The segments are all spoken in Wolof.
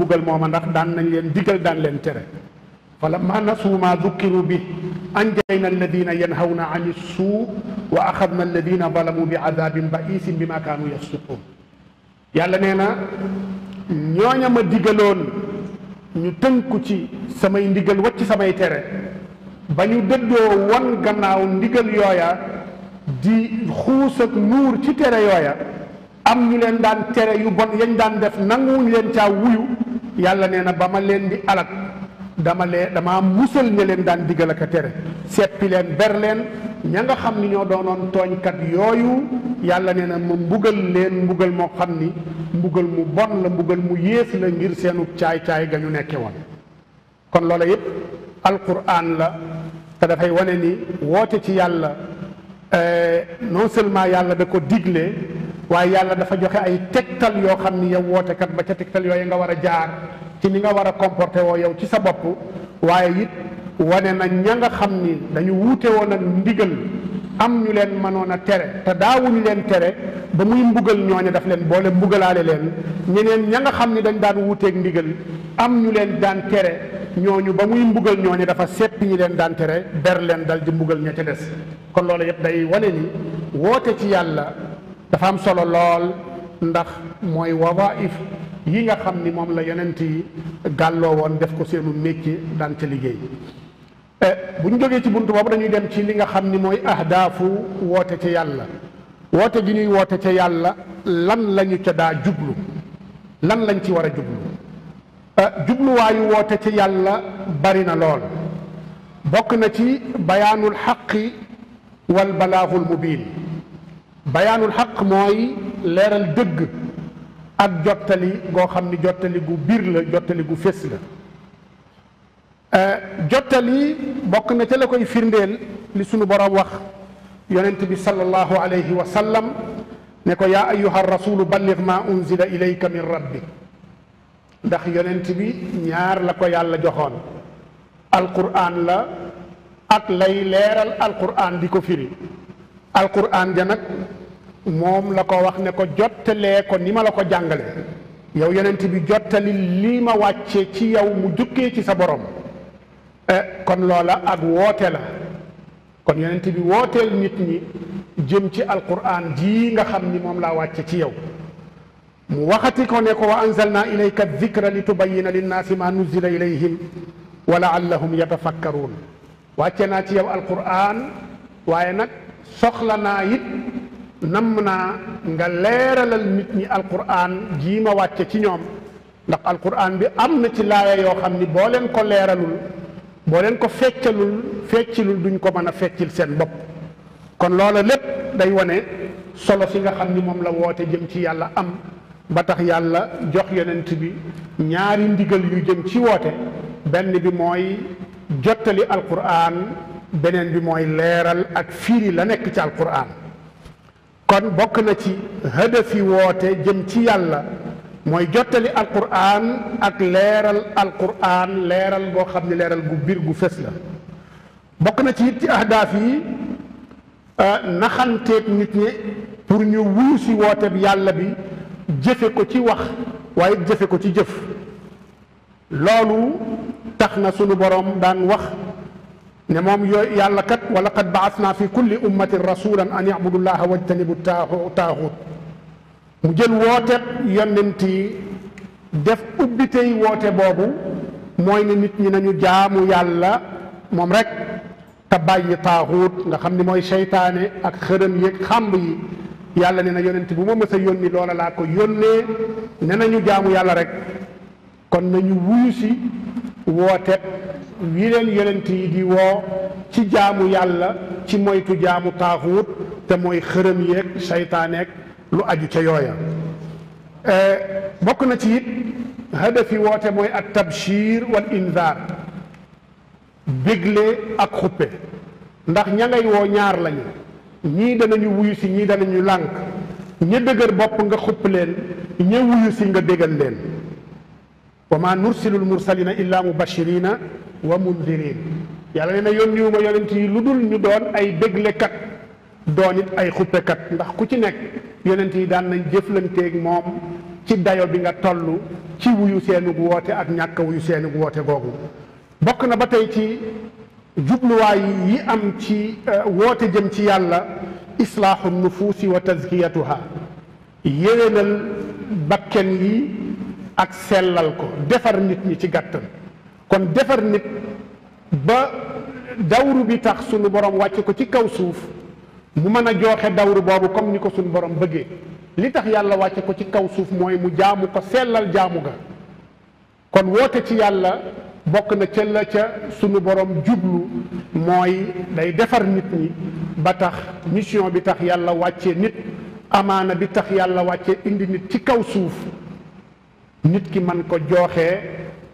mbugal mooma ndax daan nañ leen digal daan leen tere falamma nasuu maa dukkiru bi anjayna alladina yanhawna an suu wa axadna alladina zalamu bi adabin baisin bi ma kaanu yafsiqun yàlla nee na ñooñam ma digaloon ñu tënku ci samay ndigal wacc samay tere ba ñu dëddoo won gannaaw ndigal yooya di xuus nuur ci tere yooya am ñu leen daan tere yu bon yañ daan def nanguwuñ leen caa wuyu yàlla nee na ba ma leen di alak dama lee damaa musal ña leen daan digal ak tere seppi leen ber leen ña nga xam ni ñoo doonoon tooñkat yooyu yàlla nee na ma mbugal leen mbugal moo xam ni mbugal mu bon la mbugal mu yées la ngir seenu caay-caay ga ñu nekke woon kon loola yëpp alquran la te dafay wane ni woote ci yàlla eh, non seulement yàlla da ko digle waaye yàlla dafa joxe ay tegtal yoo xam ni yow wootekat ba ca tegtal yooyu nga war a jaar ci ni nga war a comporté woo yow ci sa bopp waaye it wane na ña nga xam ni dañu wuute woon ak ndigal am ñu leen mënoon a tere te daawuñu leen tere ba muy mbugal ñooñu daf leen boole mbugalaale leen ñeneen ña nga xam ni dañ daan wuuteeg ndigal am ñu leen daan tere ñooñu ba muy mbugal ñooñu dafa seppi ñu leen daan tere ber leen dal di mbugal ña des kon loolu yëpp day wane ni woote ci yàlla dafa am solo lool ndax mooy wawaif yi nga xam ni moom la yonent yi gàlloo woon def ko seenu métier daan ca liggéey eh, bu ñu jógee ci bunt boobu dañuy dem ci li nga xam ni mooy ahdaafu woote ca yàlla woote gi ñuy woote ca yàlla lan lañu ca daa jublu lan lañ ci war a jublu eh, jubluwaayu woote ca yàlla bari na lool bokk na ci bayaanul xaqi wal balaagul mubiin bayaanul xaq mooy leeral dëgg ak jottali goo xam ni jottali gu biir la jottali gu fés la euh, jottali bokk na ca la koy firndeel li sunu borom wax yonent bi sallallahu alayhi wa sallam ne ko yaa ayyuha rasulu ballig ma unzila ilayka min rabbik ndax yonent bi ñaar la ko yàlla joxoon alquran la ak lay leeral alquran di ko firi alquran ja nag moom la ko wax ne ko jottalee ko ni ma la ko jàngale yow yonent bi jottali lii ma wàccee ci yow mu jukkee ci sa borom eh, kon loola ak woote la kon yonent bi wooteel nit ñi jëm ci alquran jii nga xam ni moom laa wàcce ci yow mu waxati ko ne ko wa anzalna ilayka dikra li tubayina linnaasi ma nuzila ilayhim wa laallahum yatafakkaruun wàcce naa ci yow alquran waaye nag soxla naa it namm naa nga leeralal nit ñi alquran jii ma wàcce ci ñoom ndax alquran bi am na ci laaya yoo xam ni boo leen ko leeralul boo leen ko feccalul feccilul duñ ko mën a feccil seen bopp kon loola lépp day wane solo si nga xam ni moom la woote jëm ci yàlla am ba tax yàlla jox yonent bi ñaari ndigal yu jëm ci woote benn bi mooy jottali alquran beneen bi mooy leeral ak firi la nekk ci alquran kon bokk na ci hadafi woote jëm ci yàlla mooy jottali alquran ak leeral alquran leeral boo xam ne leeral gu biir gu fees la bokk na ci it ci ahdaaf yi euh, naxanteeg nit ñi pour ñu wuusi woote bi yàlla bi jëfe ko ci wax waaye jëfe ko ci jëf loolu tax na sunu borom daan wax ne moom yooyu yàlla kat wala qad baasna fi kulli ummatin rasulan an yabudullaha wajtanibu taaxut mu jël woote yonent def ubbitey woote boobu mooy ne nit ñi nañu jaamu yàlla moom rek te bàyyi taaxut nga xam ni mooy seytaane ak xërëm yeeg xàmb yi yàlla ne na yonent bu ma mës a yónni loola laa ko yónnee ne ñu jaamu yàlla rek kon nañu wuyu si woote yi leen yonent yi di woo ci jaamu yàlla ci moytu jaamu taaxuut te mooy xërëm yeeg saytaaneeg lu aju ca yooya e, bokk na ci it hadafi woote mooy ak tabshir wal inzaar bégle ak xuppe ndax ña woo ñaar lañu ñii danañu wuyu si ñii danañu lànk ña dëgër bopp nga xupp leen ña wuyu nga bégal leen wa maa nursilu lmursalina illa mubashirina wa mundirin yàlla nee na ma yonent yi lu dul ñu doon ay déglekat doon it ay xuppekat ndax ku ci nekk yonent yi daan nañ jëflanteeg moom ci dayo bi nga toll ci wuyu seenug woote ak ñàkk wuyu seenug woote googu bokk na ba tey ci jubluwaay yi am ci eh, woote jëm ci yàlla islaahu nufuusi wa tazkiyatuha yéwénal bakken yi ak sellal ko defar nit ñi ci gàttam kon defar nit ba dawru bi tax suñu borom wàcce ko ci kaw suuf mu mën a jooxe dawru boobu comme ni ko suñu borom bëggee li tax yàlla wàcce ko ci kaw suuf mooy mu jaamu ko sellal jaamu ga kon woote ci yàlla bokk na ca la ca suñu borom jublu mooy day defar nit ñi ba tax mission bi tax yàlla wàcce nit amaana bi tax yàlla wàcce indi nit ci kaw suuf nit ki man ko jooxee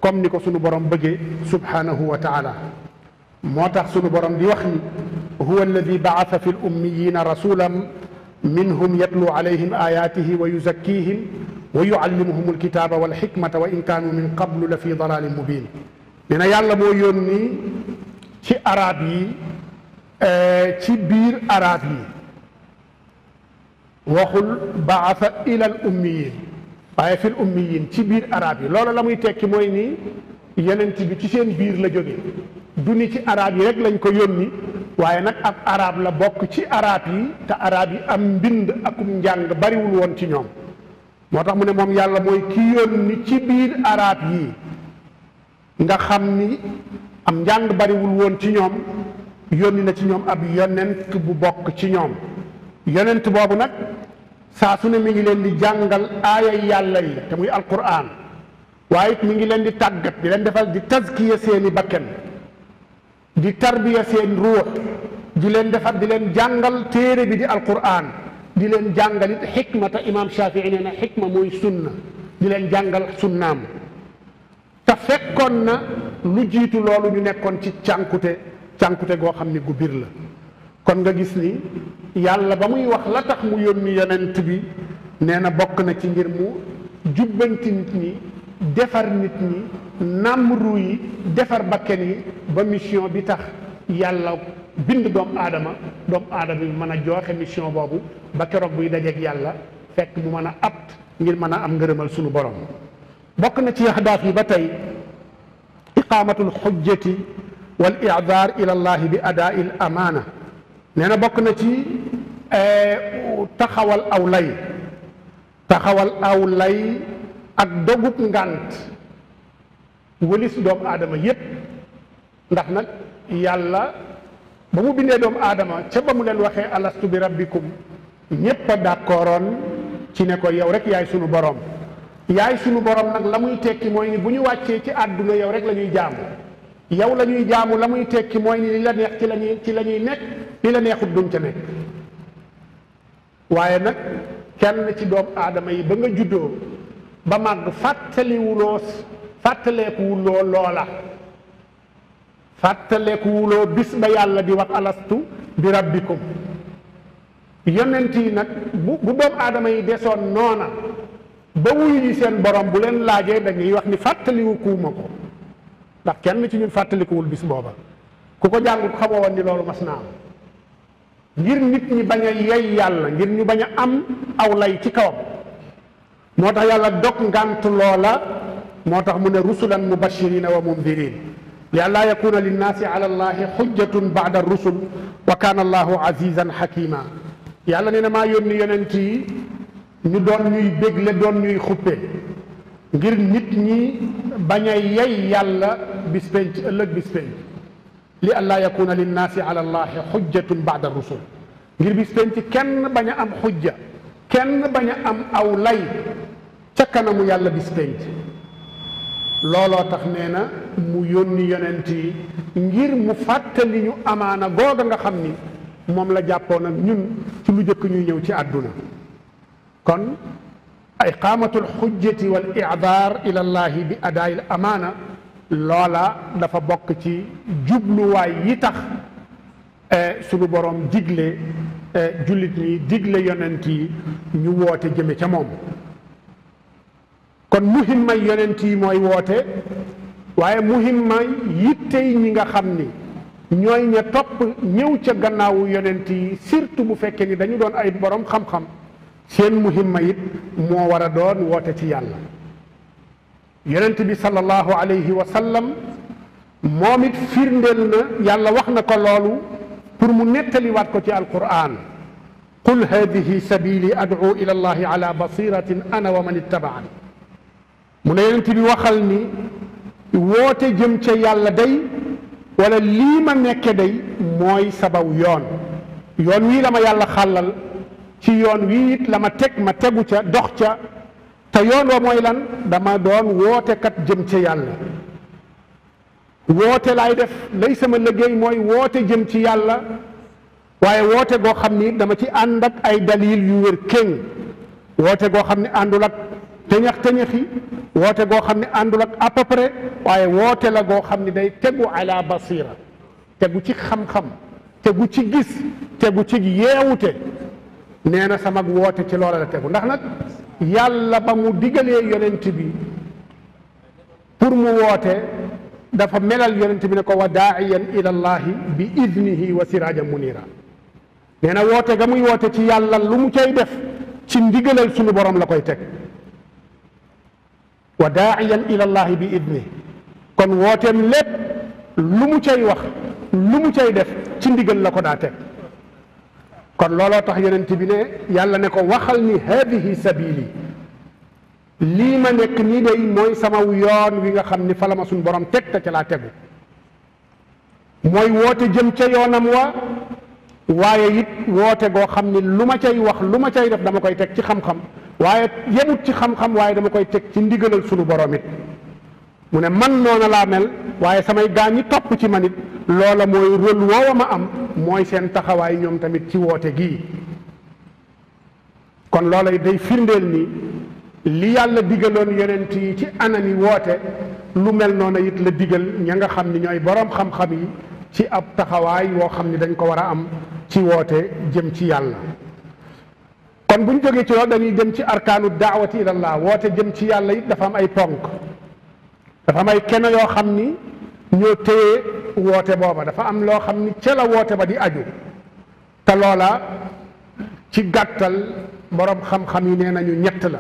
comme ni ko sunu borom bëggee subhanahu wa taala moo tax sunu borom di wax ni huwa alladi baasa fi l ummiyina rasulan minhum yatlu alayhim ayatihi wa yuzakkihim wa yuallimuhum alkitaba walxikmata wa in kaanu min qablu la fi dalalin mubin nee na yàlla moo yónni ci arab yi eh, ci biir arab yi waxul baasa ila al ummiyin waaye fil ummiyin ci biir araab yi loolu la muy tekki mooy nii yonent bi ci seen biir la jóge du ni ci araab yi rek lañ ko yónni waaye nag ab araab la bokk ci arab yi te araab yi am mbind akum njàng bariwul woon ci ñoom moo tax mu ne moom yàlla mooy ki yónni ci biir arab yi nga xam ni am njàng bariwul woon ci ñoom yónni na ci ñoom ab yonent bu bokk ci ñoom yonent boobu nag saa su ne mi ngi leen di jàngal aayay yàlla yi te muy alquran waaye mu ngi leen di tàggat di leen defal di tazkiya seeni bakken di tarbiya seen ruux di leen defal di leen jàngal téere bi di alquran di leen jàngal it xikma te imaam Shafii nee na xikma mooy sunna di leen jàngal sunnaam te fekkoon na lu jiitu loolu ñu nekkoon ci cànkute cànkute goo xam ni gu bir la kon nga gis ni yàlla ba muy wax la tax mu yónni yonent bi nee na bokk na ci ngir mu jubbanti nit ñi defar nit ñi namru yi defar bakken yi ba mission bi tax yàlla bind doomu aadama doomu aadama yi mën a joxe mission boobu ba keroog buy dajeeg yàlla fekk mu mën a at ngir mën a am ngërëmal sunu borom bokk na ci ahdaaf yi ba tey iqaamatul xujjati wal i'daar ila bi adaa il amaana nee na bokk na ci eh, taxawal aw lay taxawal aw lay ak dogut ngànt wëlis doomu aadama yépp ndax nag yàlla ba mu bindee doomu aadama ca ba mu leen waxee alastu bi rabbikum ñépp a d'accordoon ci ne ko yow rek yaay sunu borom yaay sunu boroom nag la muy tekki mooy ni bu ñu wàccee ci àdduna yow rek lañuy jaamu yow la ñuy jaamu la muy tekki mooy ni li la neex ci la ci la ñuy nekk li la neexut duñ ca nekk waaye nag kenn ci doomu aadama yi ba nga juddoo ba màgg fàttaliwuloo fàttaleekuwuloo loola fàttaleekuwuloo bis ba yàlla di wax alastu bi rabbikum yonent nag bu bu doomu aadama yi desoon noona ba wuyu yi seen borom bu leen laajee dañuy wax ni fàttaliwu kuuma ko ndax kenn ci ñun fàttalikuwul bis booba ku ko jàngul xamoo wa ni loolu mas ngir nit ñi bañ a yey yàlla ngir ñu bañ a am aw lay ci kawam moo tax yàlla dog ngànt loola moo tax mu ne rusulan mubashirina wa mundirin li an laa yakuna linnaasi ala allahi xujjatun baada rusul wa kaana allahu azizan xakima yàlla nee na maa yónni yonent yi ñu doon ñuy bégle doon ñuy xuppe ngir nit ñi bañ a yey yàlla bis penc ëllëg bis penc li allaa yakuna linnaasi ala allahi xujjatun baada rusul ngir bis penc kenn bañ a am xujja kenn bañ a am aw lay ca kanamu yàlla bis penc looloo tax nee na mu yónni yonent yi ngir mu fàttali amaana googa nga xam ni moom la jàppoo ak ñun ci lu jëkk ñuy ñëw ci àdduna kon ay qaamatul xujjati wal i'daar ila llahi bi adaayil amaana loola dafa bokk ci jubluwaay yi tax sunu borom digle jullit ñi digle yonent yi ñu woote jëme ca moom kon muhimmay yonent yi mooy woote waaye muhimmay yittey ñi nga xam ni ñooy ña topp ñëw ca gannaawu yonent yi surtout bu fekkee ni dañu doon ay borom xam-xam seen muhimma it moo war a doon woote ci yàlla yonent bi sallallahu alayhi wa sallam moom it firndeel na yàlla wax na ko loolu pour mu nettaliwaat ko ci alquran qul hadihi sabili ad'u ila allahi ala basiratin ana wa man ittaba'ani mu ne yonent bi waxal ni woote jëm ca yàlla day wala lii ma day mooy sabaw yoon yoon wii la ma ci yoon wii it la ma teg ma tegu ca dox ca te yoon wa mooy lan dama doon kat jëm ca yàlla woote lay def lay sama liggéey mooy woote jëm ci yàlla waaye woote goo xam ni dama ci ànd ak ay dalil yu wër kéŋ woote goo xam ne àndul ak teñax teñaxi woote goo xam ne àndul ak à peu waaye woote la goo xam ne day tegu ala basira tegu ci xam-xam tegu ci gis tegu ci yeewute nee na sama woote ci loola la tegu ndax nag yàlla ba mu digalee yonent bi pour mu woote dafa melal yonent bi na ko wa daaiyan ila llahi bi idnihi wa mu niiraan nee na woote ga muy woote ci yàlla lu mu cay def ci ndigalal suñu borom la koy teg wa daaiyan ila llahi bi idni kon wooteem lépp lu mu cay wax lu mu cay def ci ndigal la ko daa teg kon looloo tax yonent bi ne yàlla ne ko waxal ni hadihi sabili lii ma nekk nii day mooy sama yoon wi nga xam ni fa la ma suñ borom teg te ca laa tegu mooy woote jëm ca yoonam wa waaye it woote goo xam ni lu ma cay wax lu ma cay def dama koy teg ci xam-xam waaye yemut ci xam-xam waaye dama koy teg ci ndigalal sunu borom it mu ne man noona laa mel waaye samay gaa ñi topp ci man it loola mooy rôle woowa ma am mooy seen taxawaay ñoom tamit ci woote gii kon loola day firndeel ni li yàlla digaloon yonent yi ci anami woote lu mel noona it la digal ña nga xam ni ñooy boroom xam-xam yi ci ab taxawaay woo xam ni dañ ko war a am ci woote jëm ci yàlla kon bu ñu jógee ci loolu dañuy dem ci arkaanu daawati ilallah woote jëm ci yàlla it dafa am ay ponk dafa am ay keno yoo xam ni ñoo téye woote booba dafa am loo xam ni ca la woote ba di aju te loola ci gàttal boroom xam-xam yi nee nañu ñett la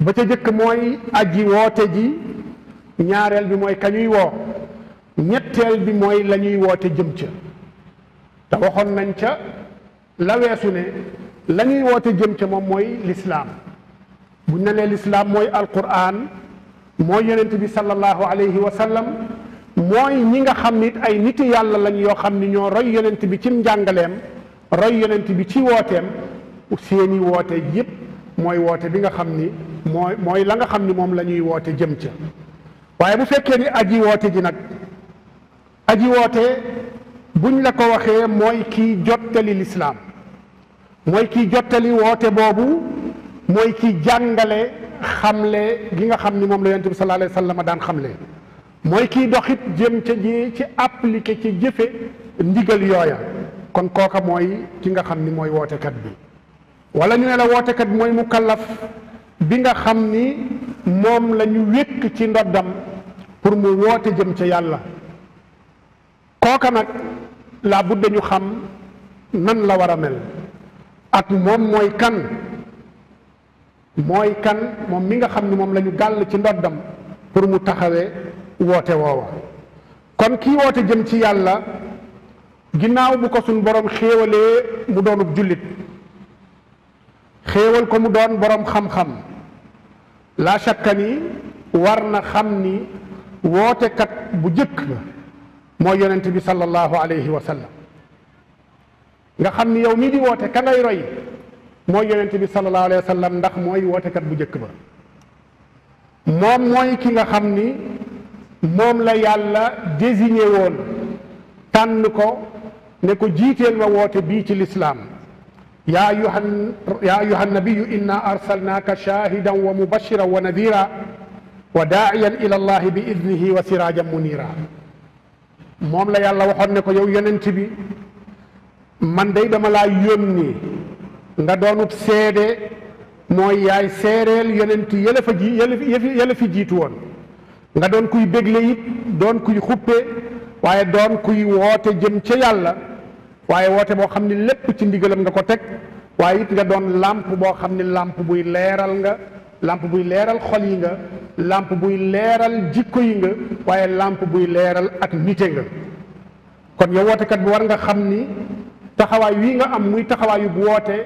ba ca jëkk mooy aji woote ji ñaareel bi mooy kañuy woo ñetteel bi mooy lañuy woote jëm ca te waxoon nañ ca la weesu ne woote jëm ca moom mooy lislaam bu ne nee lislaam mooy alquran mooy yonent bi sallallahu alayhi wa sallam mooy ñi nga xam nit ay niti yàlla lañ yoo xam ni ñoo roy yonent bi cim njàngaleem roy yonent bi ci wooteem seeni woote yépp mooy woote bi nga xam ni mooy mooy la nga xam ni moom la ñuy woote jëm ca waaye bu fekkee ni aji woote ji nag aji woote buñ la ko waxee mooy kii jottali lislaam mooy kii jottali woote boobu mooy kii jàngale xamle gi nga xam ni moom la yonent bi sallallahu alayhi wa sallam daan xamle mooy kii doxit jëm ca ji ci appliqué ci jëfe ndigal yooya kon kooka mooy ki nga xam ni mooy wootekat bi wala ñu ne wootekat bi mooy mukallaf bi nga xam ni moom la wékk ci ndoddam pour mu woote jëm ca yàlla kooka nag laa budda xam nan la war a mel ak moom mooy kan mooy kan moom mi nga xam ni moom la ñu gàll ci ndoddam pour mu taxawee woote woowa kon kii woote jëm ci yàlla ginnaaw bu ko suñ borom xéewalee mu doonub jullit xéewal ko mu doon boroom xam-xam la shakka ni war na xam ni wootekat bu jëkk ba mooy yonent bi sallallahu alayhi wa sallam xam ni yow mii di woote ka ngay roy mooy yonent bi sallallahu ndax mooy wootekat bu jëkk ba moom mooy ki nga xam ni moom la yàlla désigné woon tànn ko ne ko jiiteel ma woote bii ci lislaam yaa ayuhan yaa ayuha nabiyu inna arsalnaaka shaahidan wa mubashiran wa nadira wa daaiyan ila allahi bi idnihi wa siraajan munira moom la yàlla waxoon ne ko yow yonent bi man day dama laa yónni nga doonub seede mooy yaay seereel yonent yële fa ji yële fi jiitu woon nga doon kuy bégle it doon kuy xuppe waaye doon kuy woote jëm ca yàlla waaye woote boo xam ni lépp ci ndigalam nga ko teg waaye it nga doon làmp boo xam ni làmp buy leeral nga làmp buy leeral xol yi nga làmp buy leeral jikko yi nga waaye làmp buy leeral ak nite nga kon yow wootekat bi war nga xam ni taxawaay wii nga am muy taxawaayu bu woote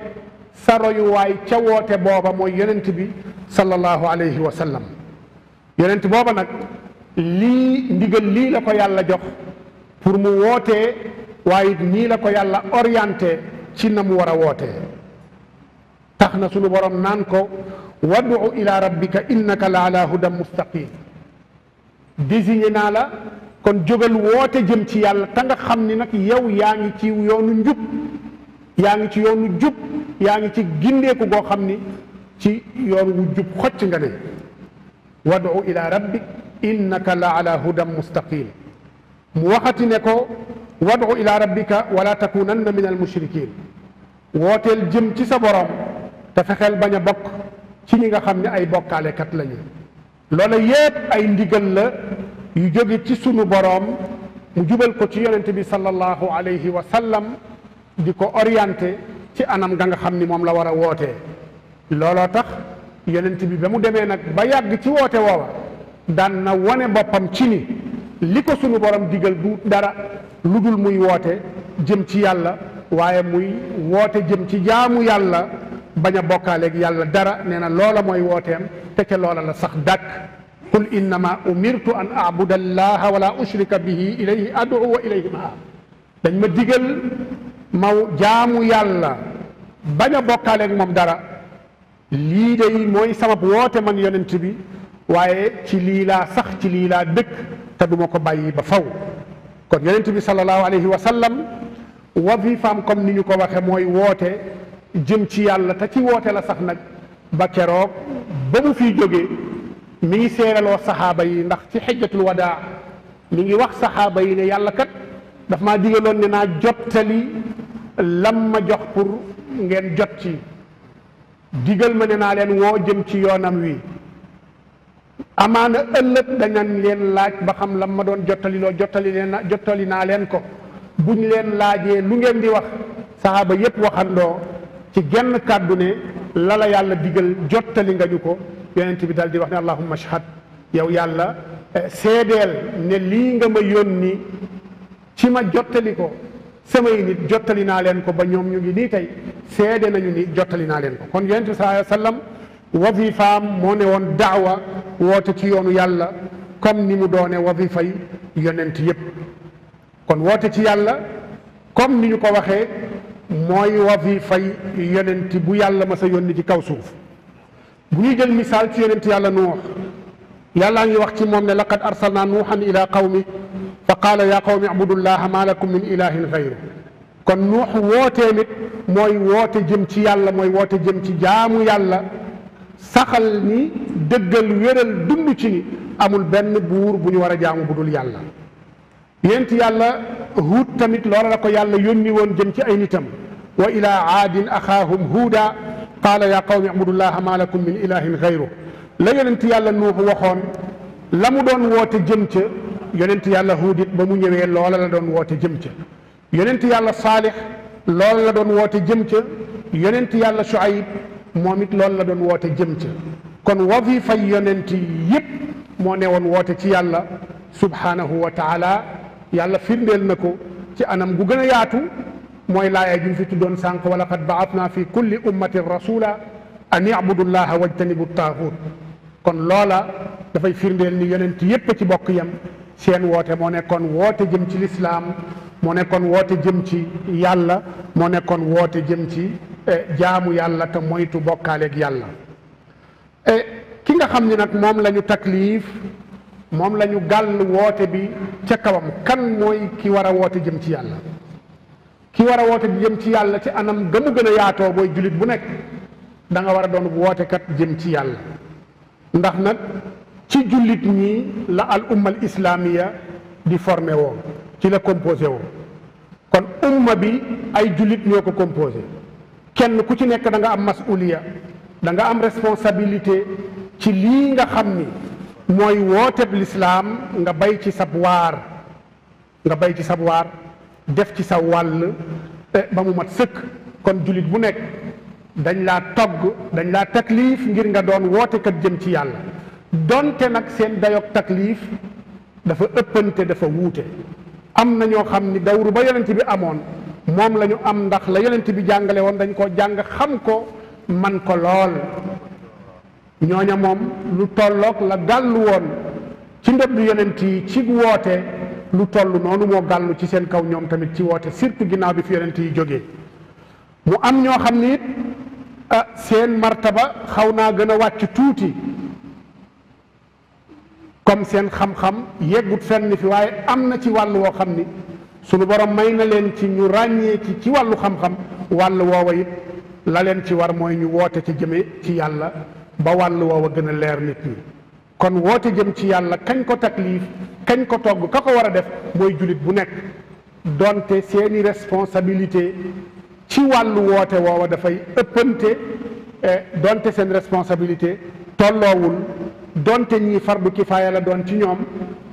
sa royuwaay ca woote booba mooy yonent bi sallallahu alayhi wa sallam yonent booba nag lii ndigal lii la ko yàlla jox pour mu wootee waaye nii la ko yàlla orienté ci na mu war a wootee tax na sunu borom naan ko wadu ila rabbika innaka la ala hudan mustaqim désigné naa la kon jógal woote jëm ci yàlla ta nga xam ni nag yow yaa ngi ci yoonu njub yaa ngi ci yoonu jub yaa ngi ci gindeeku goo xam ni ci yoon wu jub xocc nga ne wadu ila rabbik innaka la ala hudan mustaqim mu waxati ne ko wadu ila rabbika wala takunanna min al mushrikin wooteel jëm ci sa borom te fexeel bañ a bokk ci ñi nga xam ne ay bokkaalekat lañu loola yépp ay ndigal la yu jóge ci sunu borom mu jubal ko ci yonente bi sallallahu alayhi wa sallam di ko orienté ci anam ga nga xam ni moom la war a wootee looloo tax yonent bi ba mu demee nag ba yàgg ci woote woowa daan na wone boppam cini li ko sunu borom digal du dara lu dul muy woote jëm ci yàlla waaye muy woote jëm ci jaamu yàlla bañ a bokkaaleeg yàlla dara nee na loola mooy wooteem te ca loola la sax dàkk qul innama umirtu an abuda allaha wala bihi ilayhi adu wa ilayhi dañ ma digal ma jaamu yàlla bañ a bokkaaleeg moom dara lii day mooy sabab woote man yonent bi waaye ci lii laa sax ci lii laa dëkk te duma ko bàyyi ba faw kon yonent bi sallallahu alayhi wa sallam wazifaam comme ni ñu ko waxe mooy woote jëm ci yàlla te ci woote la sax nag ba keroog ba mu fiy jógee mi ngi seeraloo saxaaba yi ndax ci xijjatul wadaa mi ngi wax saxaaba yi ne yàlla kat daf maa digaloon ne naa jottali lam ma jox pour ngeen jot ci digal ma ne naa leen woo jëm ci yoonam wi amaana ëllëg dañan leen laaj ba xam la ma doon jottali loo jottali leen jottali naa leen ko buñ leen laajee lu ngeen di wax saxaaba yépp waxandoo ci genn kàddu ne la la yàlla digal jottali ngañu ko yonent bi dal di wax ne allahumma ashhad yow yàlla eh, seedeel ne lii nga ma yónni ci ma jottali ko samay nit jottali naa leen ko ba ñoom ñu ngi nii tey seede nañu ni jottali naa leen ko kon yonent bi sallallahu alayhi wa sallam wazifaam moo ne woon daawa woote ci yoonu yàlla comme ni mu doone wazifa yi yonent yépp kon woote ci yàlla comme ni ñu ko waxee mooy wazifa yi yonent bu yàlla ma sa yónni ci kaw suuf bu ñu jël misaal ci yonent yàlla nuux yàllaa ngi wax ci moom ne laqad arsalna nuuhan ila qawmi fa qaala yaa qawmi abudullaha ma lakum min ilahin xayru kon nuux wootee nit mooy woote jëm ci yàlla mooy woote jëm ci jaamu yàlla saxal ni dëggal wéral dund ci ni amul benn buur bu ñu war a jaamu bu dul yàlla yent yàlla huud tamit loola la ko yàlla yónni woon jëm ci ay nitam wa ilaa aadin axaahum huuda qaala yaa qawmi abudullaha ma lakum min ilahin xayru la yonent yàlla nuux waxoon la mu doon woote jëm ca yonent yàlla Huud it ba mu ñëwee loola la doon woote jëm ca yonent yàlla Saalix loola la doon woote jëm ca yonent yàlla Shuayb moom it loola la doon woote jëm ca kon wazifay yonent yëpp moo ne woon woote ci yàlla subhanahu wa taala yàlla firndeel na ko ci anam gu gën a yaatu mooy laaya ju fi tuddoon sànq wa laqad ba'athna fi kulli ummatin rasula an ya'budu llaha wajtanibu taaxut kon loola dafay firndeel ni yonent yëpp ci bokk yam seen woote moo nekkoon woote jëm ci lislaam moo nekkoon woote jëm ci yàlla moo nekkoon woote jëm ci e, jaamu yàlla te moytu bokkaaleeg yàlla e, ki nga xam ni nag moom lañu ñu takliif moom lañu ñu gàll woote bi ca kawam kan mooy ki war a woote jëm ci yàlla ki war a woote jëm ci yàlla ci anam gëmu gën a yaatoo booy jullit bu nekk danga nga war a doon wootekat jëm ci yàlla ndax nag ci jullit ñi la al ummal islamiya di formé woo ci la composé woo kon umma bi ay jullit ñoo ko composé kenn ku ci nekk da nga am masuliya da nga am responsabilité ci lii nga xam ni mooy wooteb lislaam nga bay ci sab nga bay ci sab def ci sa wàll eh, ba mu mat sëkk kon jullit bu nekk dañ laa togg dañ laa taklif ngir nga doon wootekat jëm ci yàlla donte nag seen dayog takliif dafa ëppante dafa wuute am na ñoo xam ni dawru ba yonent bi amoon moom lañu am ndax la yonent bi jàngale woon dañ koo jàng xam ko man ko lool ñooña moom lu tollook la gàllu woon ci ndodd yonent yi ci woote lu toll noonu moo gàllu ci seen kaw ñoom tamit ci woote surtout ginnaaw bi fi yonent yi jógee mu am ñoo xam ni it ah, seen martaba xaw naa gën a wàcc tuuti comme seen xam-xam yeggut fenn fi waaye am na ci wàll woo xam ni suñu borom may na leen ci ñu ràññee ci ci wàllu xam-xam wàll woowa it la leen ci war mooy ñu woote ci jëme ci yàlla ba wàll woowa gën a leer nit ñi kon woote jëm ci yàlla kañ ko takliif kañ ko togg ka ko war a def mooy jullit bu nekk donte seeni responsabilité ci wàllu woote woowa dafay ëppante eh, donte seen responsabilité tolloowul donte far fardu kifaaya la doon ci ñoom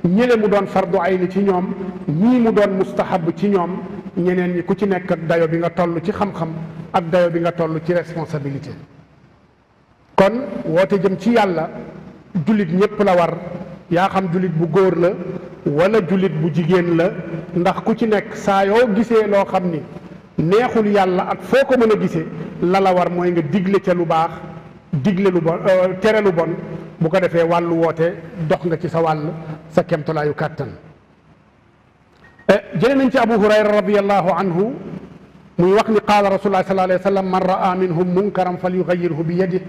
ñële mu doon ay ni ci ñoom ñii mu doon mustahab ci ñoom ñeneen ñi ku ci nekk dayo bi nga toll ci xam-xam ak dayo bi nga toll ci responsabilité kon woote jëm ci yàlla jullit ñépp la war yaa xam jullit bu góor la wala jullit bu jigéen la ndax ku ci nekk saa yoo gisee loo xam ni neexul yàlla ak foo ko mën a gisee la la war mooy nga digle ca lu baax digle lu bon euh, tere lu bon bu ko defee wàllu woote dox nga ci sa wàll sa kemtalaayu kàttan eh, jële nañ ci abu hurayra radiallahu anhu muy wax ni qaala rasulullah sallallahu alayhi wa sallam man raa minhum munkaran falyughayyirhu bi yadihi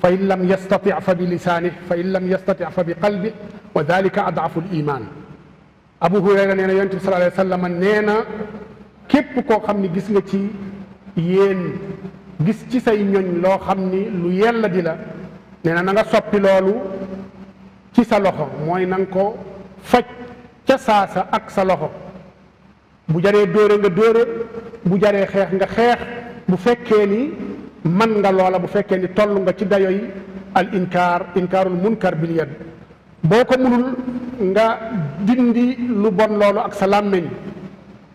fa in lam yastati fa bi lisaanihi fa in lam yastati fa bi qalbihi wa dalika adafu l iman abu hurayra nee na yonent bi sallallahu alayhi wa sallam nee na képp koo xam ni gis nga ci yéen gis ci say ñoñ loo xam ni lu yella di la nee na na nga soppi loolu ci sa loxo mooy na nga ko faj ca saasa ak sa loxo bu jaree dóore nga dóore bu jaree xeex nga xeex bu fekkee ni man nga loola bu fekkee ni toll nga ci dayoy al inkaar inkaarul munkar bil yad boo ko mënul nga dindi lu bon loolu ak sa làmmiñ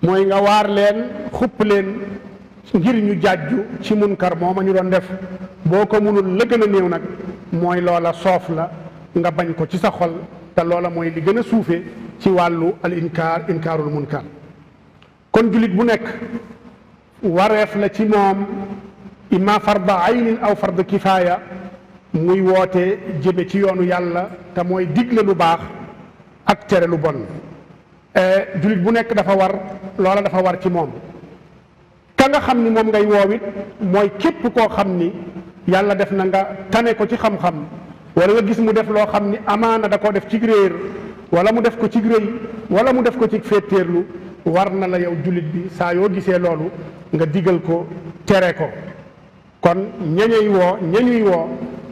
mooy nga waar leen xupp leen ngir ñu jàjju ci munkar a ñu doon def boo ko mënul la gën a néew nag mooy loola soof la nga bañ ko ci sa xol te loola mooy li gën a suufe ci wàllu al inkaar inkaarul munkar kon jullit bu nekk wareef la ci moom imma farda aynin aw farda kifaaya muy woote jëme ci yoonu yàlla te mooy digle lu baax ak tere lu bon e, jullit bu nekk dafa war loola dafa war ci moom ka nga xam ni moom ngay woowit mooy képp koo xam ni yàlla def na nga tane ko ci xam-xam wala nga gis mu def loo xam ni amaana da koo def ci réer wala mu def ko ci rëy wala mu def ko ci féeteerlu war na la yow jullit bi saa yoo gisee loolu nga digal ko tere ko kon ñañey woo ñañuy woo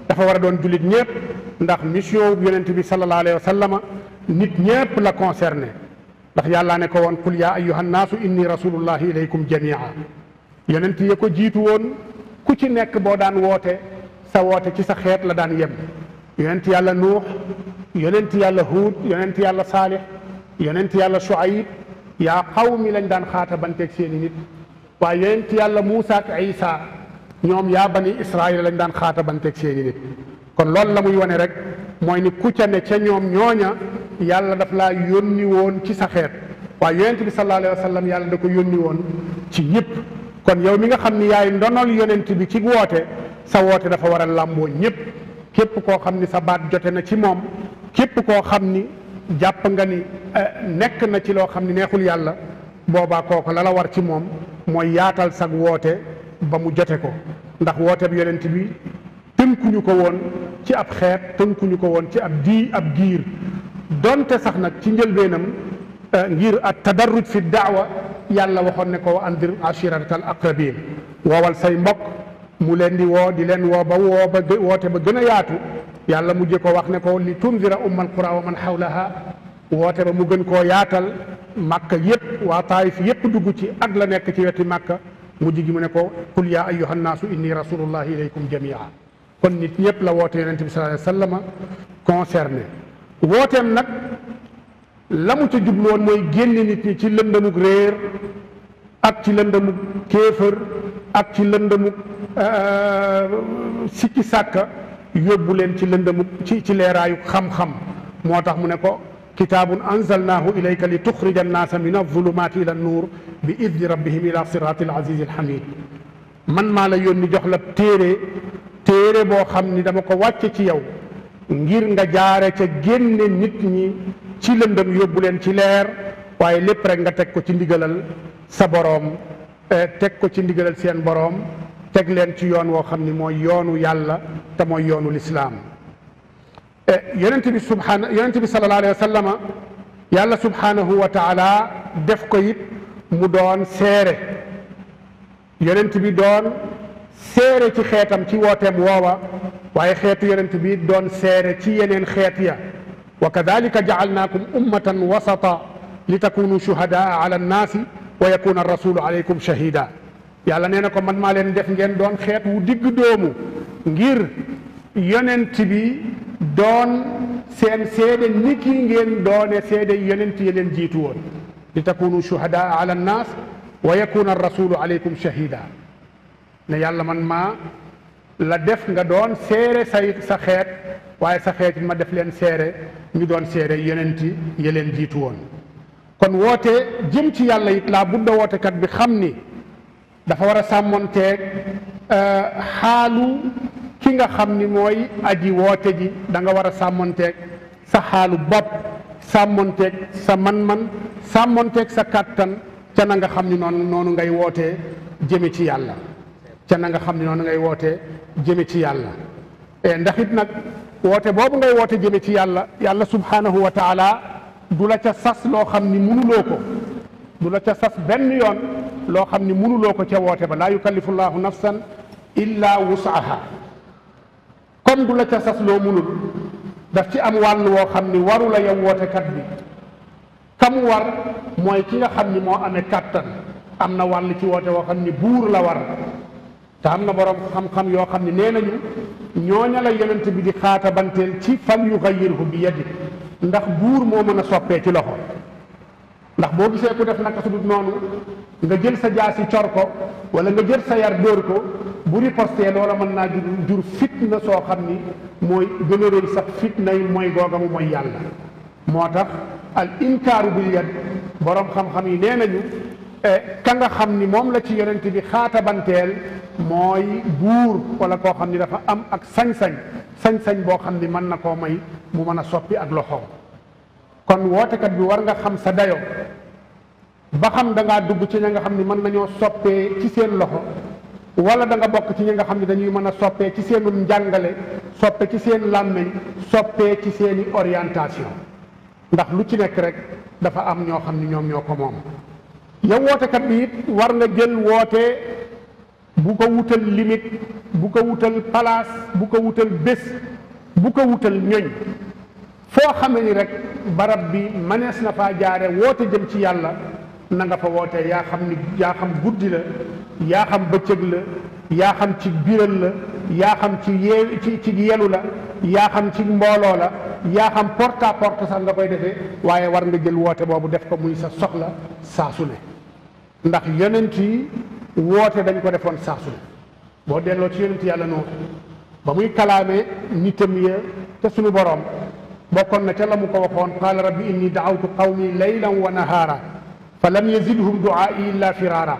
dafa war a doon jullit ñépp ndax mission bu bi sallallahu alayhi wa sallama nit ñépp la concerné ndax yàllaa ne ko woon qul yaa ayyuhan naasu inni rasulullahi ilaykum jamia yonent ya ko jiitu woon ku ci nekk boo daan woote sa woote ci sa xeet la daan yem yonent yàlla nuux yonent yàlla huud yonent yàlla saalix yonent yàlla shuayb yaa qawmi lañ daan xaata banteeg seeni nit waaye yonent yàlla muusa ak isa ñoom yaa bani israil lañ daan xaata banteeg seen nit kon loolu la muy wane rek mooy ni ku ca ne ca ñoom ñooña yàlla daf laa yónni woon ci sa xeet waaye yonent bi sallallahu alayhi wa yàlla da ko yónni woon ci ñëpp kon yow mi nga xam ni yaay ndonol yonent bi ci woote sa woote dafa waral a làmboo ñëpp képp koo xam ni sa baat jote na ci moom képp koo xam ni jàpp nga ni eh, nekk na ci loo xam ni neexul yàlla boobaa kooku la la war ci moom mooy yaatal sag woote ba mu jote ko ndax woote bi yonent bi tënkuñu ko woon ci ab xeet tënkuñu ko woon ci ab dii ab giir donte sax nag ci njëlbeenam eh, ngir at tadarruj fi daawa yàlla waxoon ne ko wa andir ashiratal aqrabin woowal say mbokk mu leen di woo di leen woo ba woo ba woote ba gën a yaatu yàlla mujje ko wax ne ko li tundira ummal qura wa man hawlaha woote ba mu gën koo yaatal màkka yépp waa taayif yépp dugg ci ak la nekk ci weti màkka mujj gi mu ne ko qul ya ayyuha nnaasu inni rasulullahi ilaykum jamia kon nit ñëpp la woote yonente bi sallallahu alayhi wa sallam concerné wooteem nag la mu ca jubloon mooy génn nit ñi ci lëndamuk réer ak ci lëndamuk kéefër ak ci lëndamuk euh, sikki sàkka yóbbu leen ci lëndamuk ci ci leeraayu xam-xam moo tax mu ne ko kitaabun anzalnaahu ilayka li tuxrija annaasa min azulumaati ila nuur bi idni rabbihim ila siraati alazizi alhamid man maa la yónni jox la téere téere boo xam ni dama ko wàcce ci yow ngir nga jaare ca génne nit ñi ci lëndëm yóbbu leen ci leer waaye lépp rek nga teg ko ci ndigalal sa boroom eh, teg ko ci ndigalal seen boroom teg leen ci yoon woo xam ni mooy yoonu yàlla te mooy yoonu lislaam eh, yonent bi subhaana yonent bi sallallahu alayhi wa sallama yàlla subhaanahu wa def ko it mu doon seere yonent bi doon seere ci xeetam ci wooteem woowa waaye xeetu yonent bi doon seere ci yeneen xeet ya wa kadalika jacalnaakum ummatan wasata li takunu shuhadaa ala annaasi wa yakuna rasulu aleykum shahida yàlla nee na ko man maa leen def ngeen doon xeet wu digg doomu ngir yonent bi doon seen seede ni ki ngeen doone seede yonent yi leen jiitu woon li takunu shuhadaa ala annaas wa yakuna rasulu aleykum shahida ne yàlla man maa la def nga doon seere say sa xeet waaye sa xeet ma def leen seere ñu doon seere yenenti ya leen jiitu woon kon woote jëm ci yàlla it laa budda wootekat bi xam ni dafa war a sàmmonteeg euh, xaalu ki nga xam ni mooy aji woote ji danga war a sàmmonteeg sa xaalu bopp sàmmonteeg sa man-man sàmmonteeg sa kàttan ca na nga xam ni noonu noonu ngay wootee jëme ci yàlla ca na nga xam ne noonu ngay woote jëme ci yàlla e ndax it nag woote boobu ngay woote jëme ci yàlla yàlla subhanahu wa taala du la ca sas loo xam ni munuloo ko du la ca sas benn yoon loo xam ni munuloo ko ca woote ba laa yukallifu llahu nafsan illa wusaha comme du la ca sas loo munul daf ci am wàll woo xam ni warula la yow wootekat bi kam war mooy ki nga xam ni moo amee kàttan am na wàll ci woote woo xam ni buur la war te am na borom xam-xam yoo xam ne nee nañu ñooña la yonent bi di xaata banteel ci fal yu xayirhu bi yadi ndax buur moo mën a soppee ci loxo ndax boo gisee ku def naka sudut noonu nga jël sa jaasi cor ko wala nga jël sa yar dóor ko bu riposté loola mën naa jur jur fitna soo xam ni mooy gën a rëy sax fitnay mooy googa mu mooy yàlla moo tax al inkaaru bil yad borom xam-xam yi nee nañu ka nga xam ni moom la ci yonent bi xaatabanteel mooy buur wala koo xam ni dafa am ak sañ-sañ sañ-sañ boo xam ni mën na koo may mu mën a soppi ak loxoom kon wootekat bi war nga xam sa dayo ba xam da dugg ci ña nga xam ni mën nañoo soppee ci seen loxo wala danga nga bokk ci ñi nga xam ne dañuy mën a soppee ci seenum njàngale soppe ci seen làmmeñ soppee ci seeni orientation ndax lu ci nekk rek dafa am ñoo xam ni ñoom ñoo ko moom yow wootekat bi it war nga jël woote bu ko wutal limite bu ko wutal palaas bu ko wutal bés bu ko wutal ñoñ foo xame ni rek barab bi manees na faa jaare woote jëm ci yàlla na nga fa woote yaa xam ni yaa xam guddi la yaa xam bëccëg la yaa xam ci biral la yaa xam ci yee ci ci yelu la yaa xam ci mbooloo la yaa xam porte à sax nga koy defee waaye war nga jël woote boobu def ko muy sa soxla saa ne ndax yonent yi woote dañ ko defoon saasu boo delloo ci yonent yàlla noonu ba muy kalaamee nitam ya te suñu boroom bokkoon na ca la mu ko waxoon qaala rabbi inni daawtu qawmi laylan wa nahaara fa lam yazidhum duaai illa firaara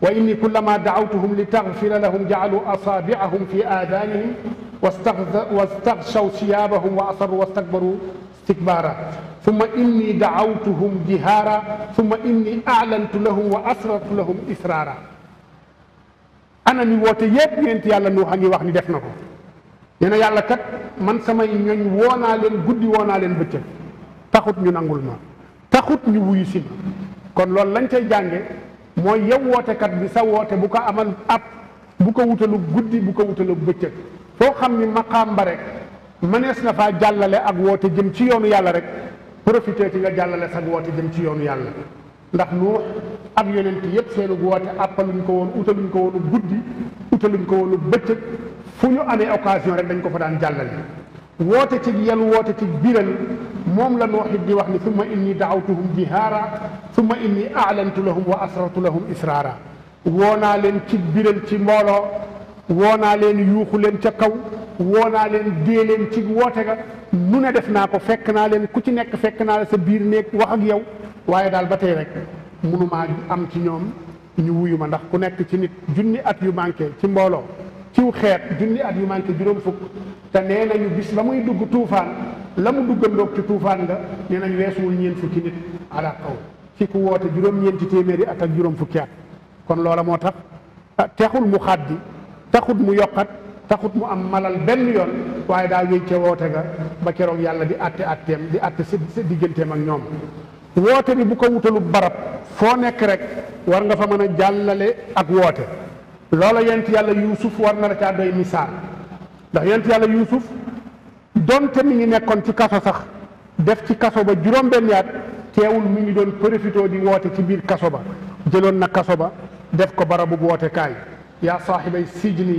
wa inni kullama daawtuhum li taxfira lahum jaalu asaabiahum fi aadaanihim wastaxshaw siyaabahum wa asarru wastakbaru istikbaara summa inni daawtuhum jihaara summa inni aalantu lahum wa asrartu lahum israara ana woote yépp yent yàlla nuux a ngi wax ni def na ko nee na yàlla kat man samay ñoñ woo naa leen guddi woo naa leen bëccëg taxut ñu nangul ma taxut ñu wuyu si ma kon loolu lañ cay jànge mooy yow wootekat bi sa woote bu ko amal ab bu ko wutalu guddi bu ko wutalu bëccëg foo xam ni maqaam ba mënees na faa jàllale ak woote jëm ci yoonu yàlla rek profité ci nga jàllale sag woote jëm ci yoonu yàlla ndax nuux ak yonent yépp seenu woote àppaluñ ko woon utaluñ ko woonu guddi utaluñ ko woonu bëccëg fu ñu amee occasion rek dañ ko fa daan jàllale woote ci yan woote ci biral moom la nuux it di wax ni summa inni daawtuhum jihaara summa inni aalantu lahum wa asrartu lahum israara woonaa leen ci biral ci mbooloo woonaa leen yuuxu leen ca kaw woo naa leen dee leen ci woote ga nu ne def naa ko fekk naa leen ku ci nekk fekk naa la sa biir néeg wax ak yow waaye daal ba tey rek mënumaa am ci ñoom ñu wuyu ma ndax ku nekk ci nit junni at yu manqué ci mbooloo ciw xeet junni at yu manqué juróom fukk te nee nañu bis ba muy dugg tuufaan la mu duggandoog ci tuufaan nga nee nañ weesuwul ñeent fukki nit ala kaw ci ku woote juróom-ñeenti téeméeri at ak juróom fukki at kon loola moo tax ah, texul mu xaddi taxut mu yokkat taxut mu am malal benn yoon waaye daa wéy ca woote ga ba keroog yàlla di àtte àtteem di àtte si digganteem ak ñoom woote bi bu ko wutalu barab foo nekk rek war nga fa mën a jàllale ak woote loola yent yàlla yuusuf war na la caa doy misaal ndax yent yàlla yuusuf donte mi ngi nekkoon ci kaso sax def ci kaso ba juróom-benn yaat teewul mu ngi doon profité di woote ci biir kaso ba jëloon na kaso ba def ko barabu woote kaay yaa saaxibay sijni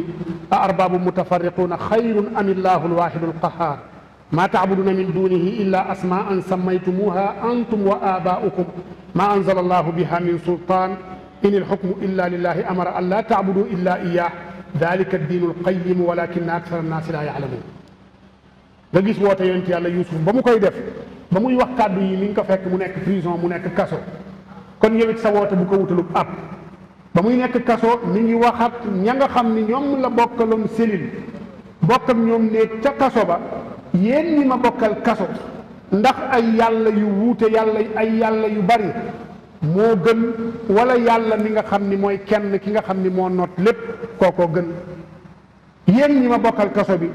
a arbaabu mutafarriquuna xayrun am illaahu alwaaxidu alqahaar maa tacbuduuna min duunihi illaa asmaa'an sammaytumuuha antum wa aabaa'ukum maa anzala allaahu biha min sultaan in ilxukmu illaa lillaahi amara an laa tacbuduu illaa iyaah daalika diinu alqayyim walakinna aksara annaasi laa yaclamuun nga gis woote yonent yàlla Yuusuf ba mu koy def ba muy wax kàddu yi mi ngi ko fekk mu nekk prison mu nekk kaso kon yow it sa woote bu ko wutalub ab ba muy nekk kaso mi ngi waxat ña nga xam ni ñoom la bokkaloon selil bokk ak ñoom néeg ca kaso ba yéen ñi ma bokkal kaso ndax ay yàlla yu wuute yàlla ay yàlla yu bari moo gën walla yàlla mi nga xam ni mooy kenn ki nga xam ni moo noot lépp koo kookoo gën yéen ñi ma bokkal kaso bi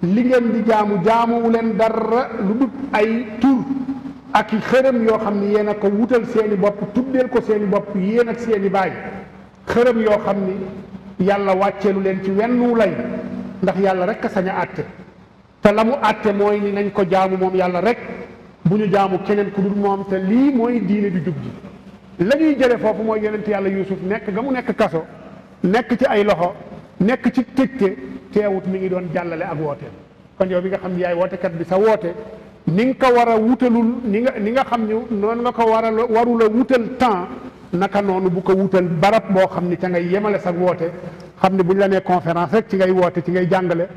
li ngeen di jaamu jaamuwu leen dara lu dul ay tur ak i xërëm yoo xam ni yéen a ko wutal seeni bopp tuddeel ko seeni bopp yéen ak seeni baay xërëm yoo xam ni yàlla wàcceelu leen ci wu lay ndax yàlla rek a sañ a àtte te la mu àtte mooy ni nañ ko jaamu moom yàlla rek bu ñu jaamu keneen ku dul moom te lii mooy diine bi jub ji la ñuy jële foofu mooy yonent yàlla Yuusuf nekk ga mu nekk kaso nekk ci ay loxo nekk ci tëjte teewut mu ngi doon jàllale ak wooteem kon yow bi nga xam ne yaay wootekat bi sa woote ni nga ko war a wutalul ni nga ni nga xam ne noonu nga ko war a warula wutal temps naka noonu bu ko wutal barab boo xam ni ca ngay yemale sax woote xam ne bu ñu la nee conférence rek ci ngay woote ci ngay jàngale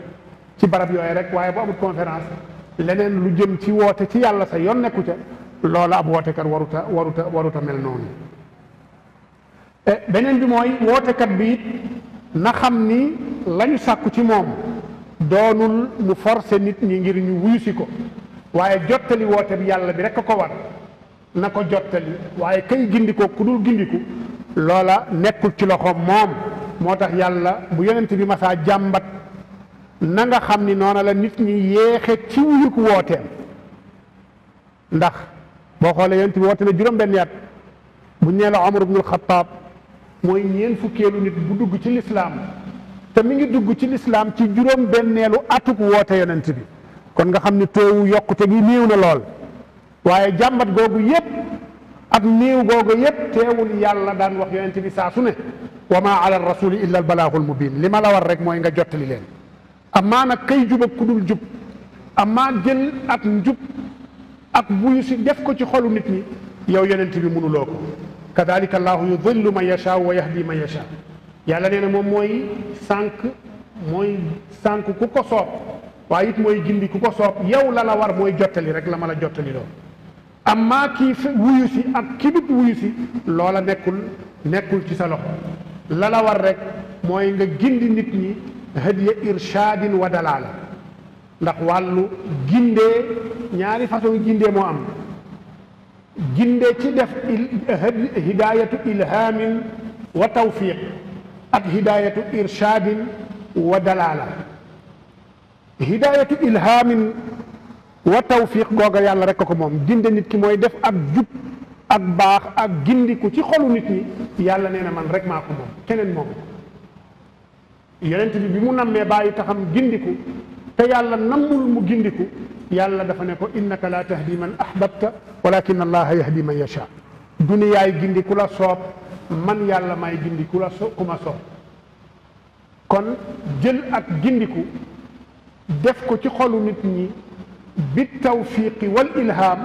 ci barab yooyu rek waaye bu amul conférence leneen lu jëm ci woote ci yàlla sa yoon nekku ca loola ab wootekat waruta waruta waruta mel noonu e, beneen bi mooy wootekat bi it na xam ni la ñu sàkku ci moom doonul mu forcer nit ñi ngir ñu wuyu ko waaye jottali woote bi yàlla bi rek ko war na ko jottali waaye këy gindikoo ku dul gindiku loola nekkul ci loxoom moom moo tax yàlla bu yonent bi masaa jàmbat na nga xam ni noona la nit ñi yéexe ci wuyuk wooteem ndax boo xoolee yonent bi woote na juróom-benn at bu ñee la Omar ibnul Xattaab mooy ñeen fukkeelu nit bu dugg ci lislaam te mu ngi dugg ci lislaam ci juróom benneelu atuk woote yonent bi kon nga xam ni toowu yokkute gi néew na lool waaye jàmbat googu yépp ak néew googu yépp teewul yàlla daan wax yonente bi saa su ne wa ma ala rasuli illa al balaagul li ma la war rek mooy nga jottali leen amaa nag kay jub ak ku dul jub amaa jël ak njub ak buyu def ko ci xolu nit ñi yow yonent bi mënuloo ko kadalika allahu yudillu man yashaa wa yahdi man yashaa yàlla nee na moom mooy sànq mooy sànq ku ko soob waaye it ku ko soob yow la la war mooy jottali rek la ma la jottali loo amma kii wuyu si ak kibit wuyu si loola nekkul nekkul ci sa loxo rekk mooy nga gindi nit ñi hadiya irshadin wa dalaala ndax wàllu gindee ñaari façon gindee moo am gindee ci def hidayatu ilhamin wa tawfiq ak hidayatu irshadin wa dalaala hidayatu ilhamin wa tawfiq googa yàlla rekk ko moom ginde nit ki mooy def ak jub ak baax ak gindiku ci xolu nit ñi yàlla nee na man rek maa ko moom keneen moom yonent bi bi mu nammee bàyyi taxam gindiku te yàlla nammul mu gindiku yàlla dafa ne ko innaka laa tahdi man ahbabta walakin allaha yahdi man yasha duniyaay gindi ku la soob man yàlla may gindi ku la so ku ma soob kon jël ak gindiku def ko ci xolu nit ñi bi tawfiqi wal ilham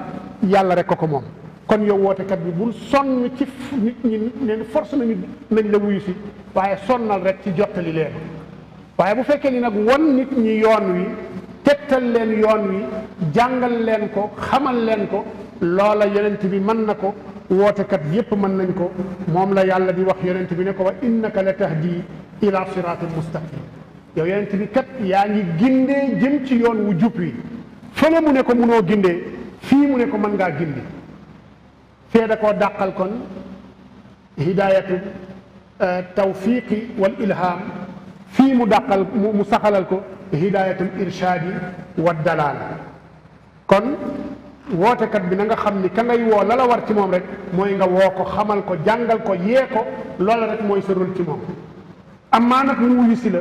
yàlla rek ko ko moom kon yow woote kat bi bu sonn ci nit ñi ne force nañu nañ la wuyu si waaye sonnal rek ci jottali leen waaye bu fekkee ni nag won nit ñi yoon wi tegtal leen yoon wi jàngal leen ko xamal leen ko loola yonent bi mën na ko woote wootekat yépp mën nañ ko moom la yàlla di wax yonent bi ne ko wa innaka la tahdi ila siratin mustaqim yow yonent bi kat yaa ngi gindee jëm ci yoon wu jub wi fële mu ne ko munoo gindee fii mu ne ko mën ngaa gindi fee da koo dàqal kon hidaayatu euh, tawfiqi wa ilham fii mu dàqal mu saxalal ko hidaayatul irshaadi wa dalaala kon wootekat bi na nga xam ni kangay woo la war ci moom rek mooy nga woo ko xamal ko jàngal ko yee ko loola rek mooy sa rôle ci moom amaa nag mu si la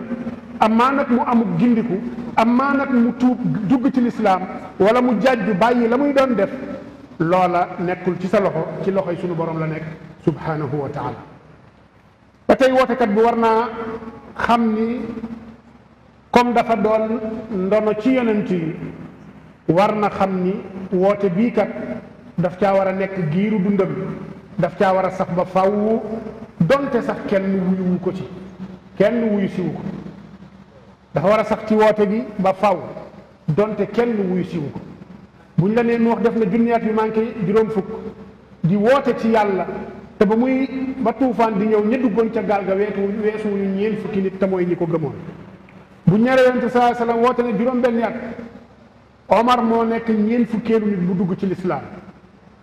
amaa nag mu amuk gindiku amaa nag mu tuub dugg ci lislaam wala mu jàjju bàyyi la muy doon def loola nekkul ci sa loxo ci loxo yi suñu boroom la nekk subhanahu wa taala ba tey wootekat bi war naa xam ni comme dafa doon ndono ci yonent yi war na xam ni woote bii kat daf caa war a nekk giiru dundam daf caa war a sax ba fàww donte sax kenn wuyuwu ko ci kenn wuyu siwu ko dafa war a sax ci woote gi ba faw donte kenn wuy siwu ko buñ la nee nuux def na junniyaat bi manqué juróom fukk di woote ci yàlla te ba muy ba tuufaan di ñëw ña duggoon ca gaal ga weetu weesu wu ñu ñeen fukki nit te mooy ni ko gëmoon bu ñaaree yonent sallallahu la wasallam woote ne juróom benn at Omar moo nekk ñeen fukkeelu nit bu dugg ci lislaam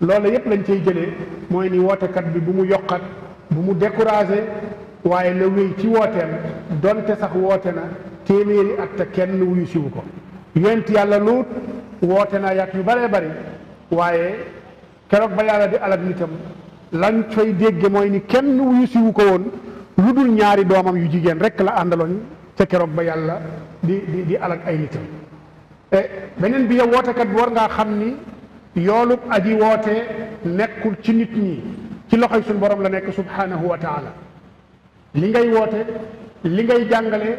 loolu yépp lañ cey jëlee mooy ni wootekat bi bu mu yokkat bu mu découragé waaye na wéy ci wooteem donte sax woote na téeméeri at kenn wuyu siw ko yonent yàlla luut woote naa yàq yu bëree bëri waaye keroog ba yàlla di alal nitam lañ fay dégge mooy ni kenn wuyu siwu ko woon lu dul ñaari doomam yu jigéen rek la àndaloon ca keroog ba yàlla di di di ay nitam eh, beneen bi yow wootekat bi war ngaa xam ni yoolub aji woote nekkul ci nit ñi ci loxoy suñu borom la nekk subhanahu wa taala li ngay woote li ngay jàngale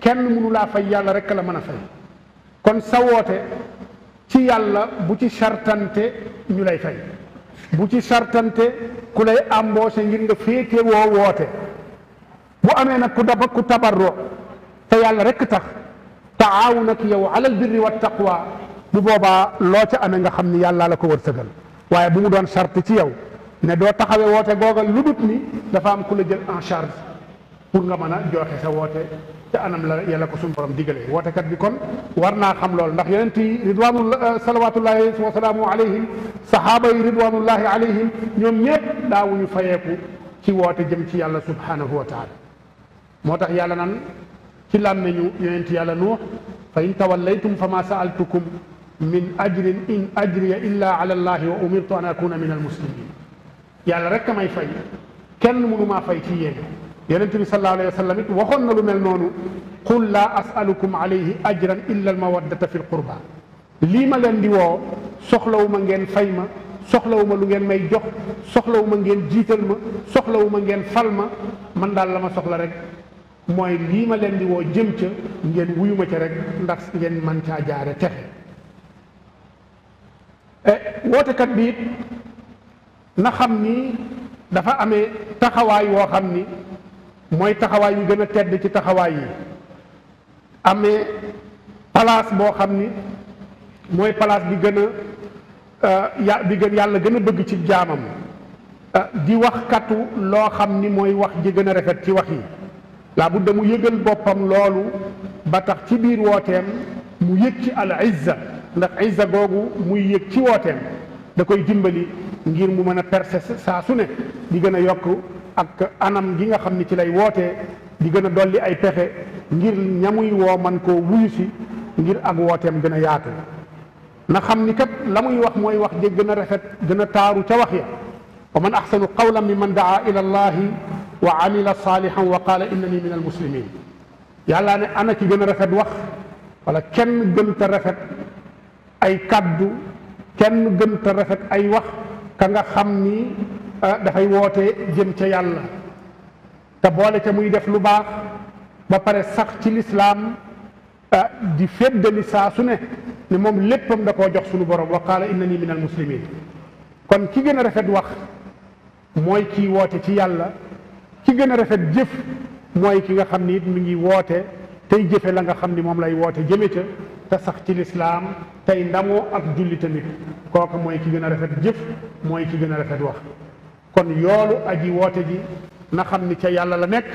kenn mënu laa fay yàlla rek la mën a fay kon sa woote ci yàlla bu ci sartante ñu lay fay bu ci sartante ku lay embauché ngir nga féete woo woote bu amee nag ku daba ku tabarro te yàlla rek tax taawun ak yow alal birri wa taqwa bu boobaa loo ca amee nga xam ni yàlla la ko wërsëgal waaye bu mu doon sart ci yow ne doo taxawee woote googal lu ni dafa am ku la jël en charge pour nga mën a joxe sa woote ca anam la yàlla ko suñu borom digalee wootekat bi kon war naa xam lool ndax yonent yi ridwaanu euh, salawatullahi wa salaamu alayhim sahaaba ñoom ñëpp daawuñu fayeeku ci woote jëm ci yàlla subhanahu wa taala moo tax yàlla nan ci làmmeñu yonent yàlla nuux fa in tawallaytum fa ma saaltukum min ajrin in ajriya illa ala allahi wa umirtu an akuna min almuslimin yàlla rek a may fay kenn mënu maa fay ci yonent bi sallallahu alayhi wa sallam it waxoon na lu mel noonu qul laa asalukum alayhi ajran illa al mawaddata fi l lii ma leen di woo soxlawu ma ngeen fay ma soxlawu ma lu ngeen may jox soxlawu ma ngeen jiital ma soxlawu ma ngeen fal ma man daal la ma soxla rek mooy lii ma leen di woo jëm ca ngeen wuyu ma ca rek ndax ngeen man caa jaare texe eh, wootekat bi it na xam ni dafa ame taxawaay woo xam ni mooy taxawaay yu gën a tedd ci taxawaay yi amee place boo xam ni mooy place bi gën a euh, ya bi gën yàlla gën a bëgg ci jaamam euh, di wax katu loo xam ni mooy wax ji gën a rafet ci wax yi laa bu da mu yëgal boppam loolu ba tax ci biir wooteem mu yëg ci al izza ndax izza googu muy yëg ci wooteem da koy dimbali ngir mu mën a percer saa su ne di gën a yokk ak anam gi nga xam ni ci lay wootee di gën a dolli ay pexe ngir ñamuy woo man koo wuyu si ngir ak wooteem gën a yaatu na xam ni kat la muy wax mooy wax ji gën a rafet gën a taaru ca wax ya wa man axsanu qawlan mi man daa ila allahi wa amila salihan wa qaala innani min almuslimin yàlla ne ana ki gën a rafet wax wala kenn gën a rafet ay kaddu kenn gën ta rafet ay wax ka nga xam ni Ah, dafay woote jëm ca yàlla te boole ca muy def lu baax ba pare sax ci lislaam ah, di féddali saa su ne ne moom léppam da koo jox suñu borom wa qaala innani min al kon ki gën a rafet wax mooy kii woote ci yàlla ki gën a rafet jëf mooy ki nga xam ni mu ngi woote tey jëfe la nga xam ni moom lay woote jëme ca te sax ci lislaam tey ndamoo ak julli tamit kooku mooy ki gën a rafet jëf mooy ci gën a rafet wax kon yoolu aji woote ji na xam ni ca yàlla la nekk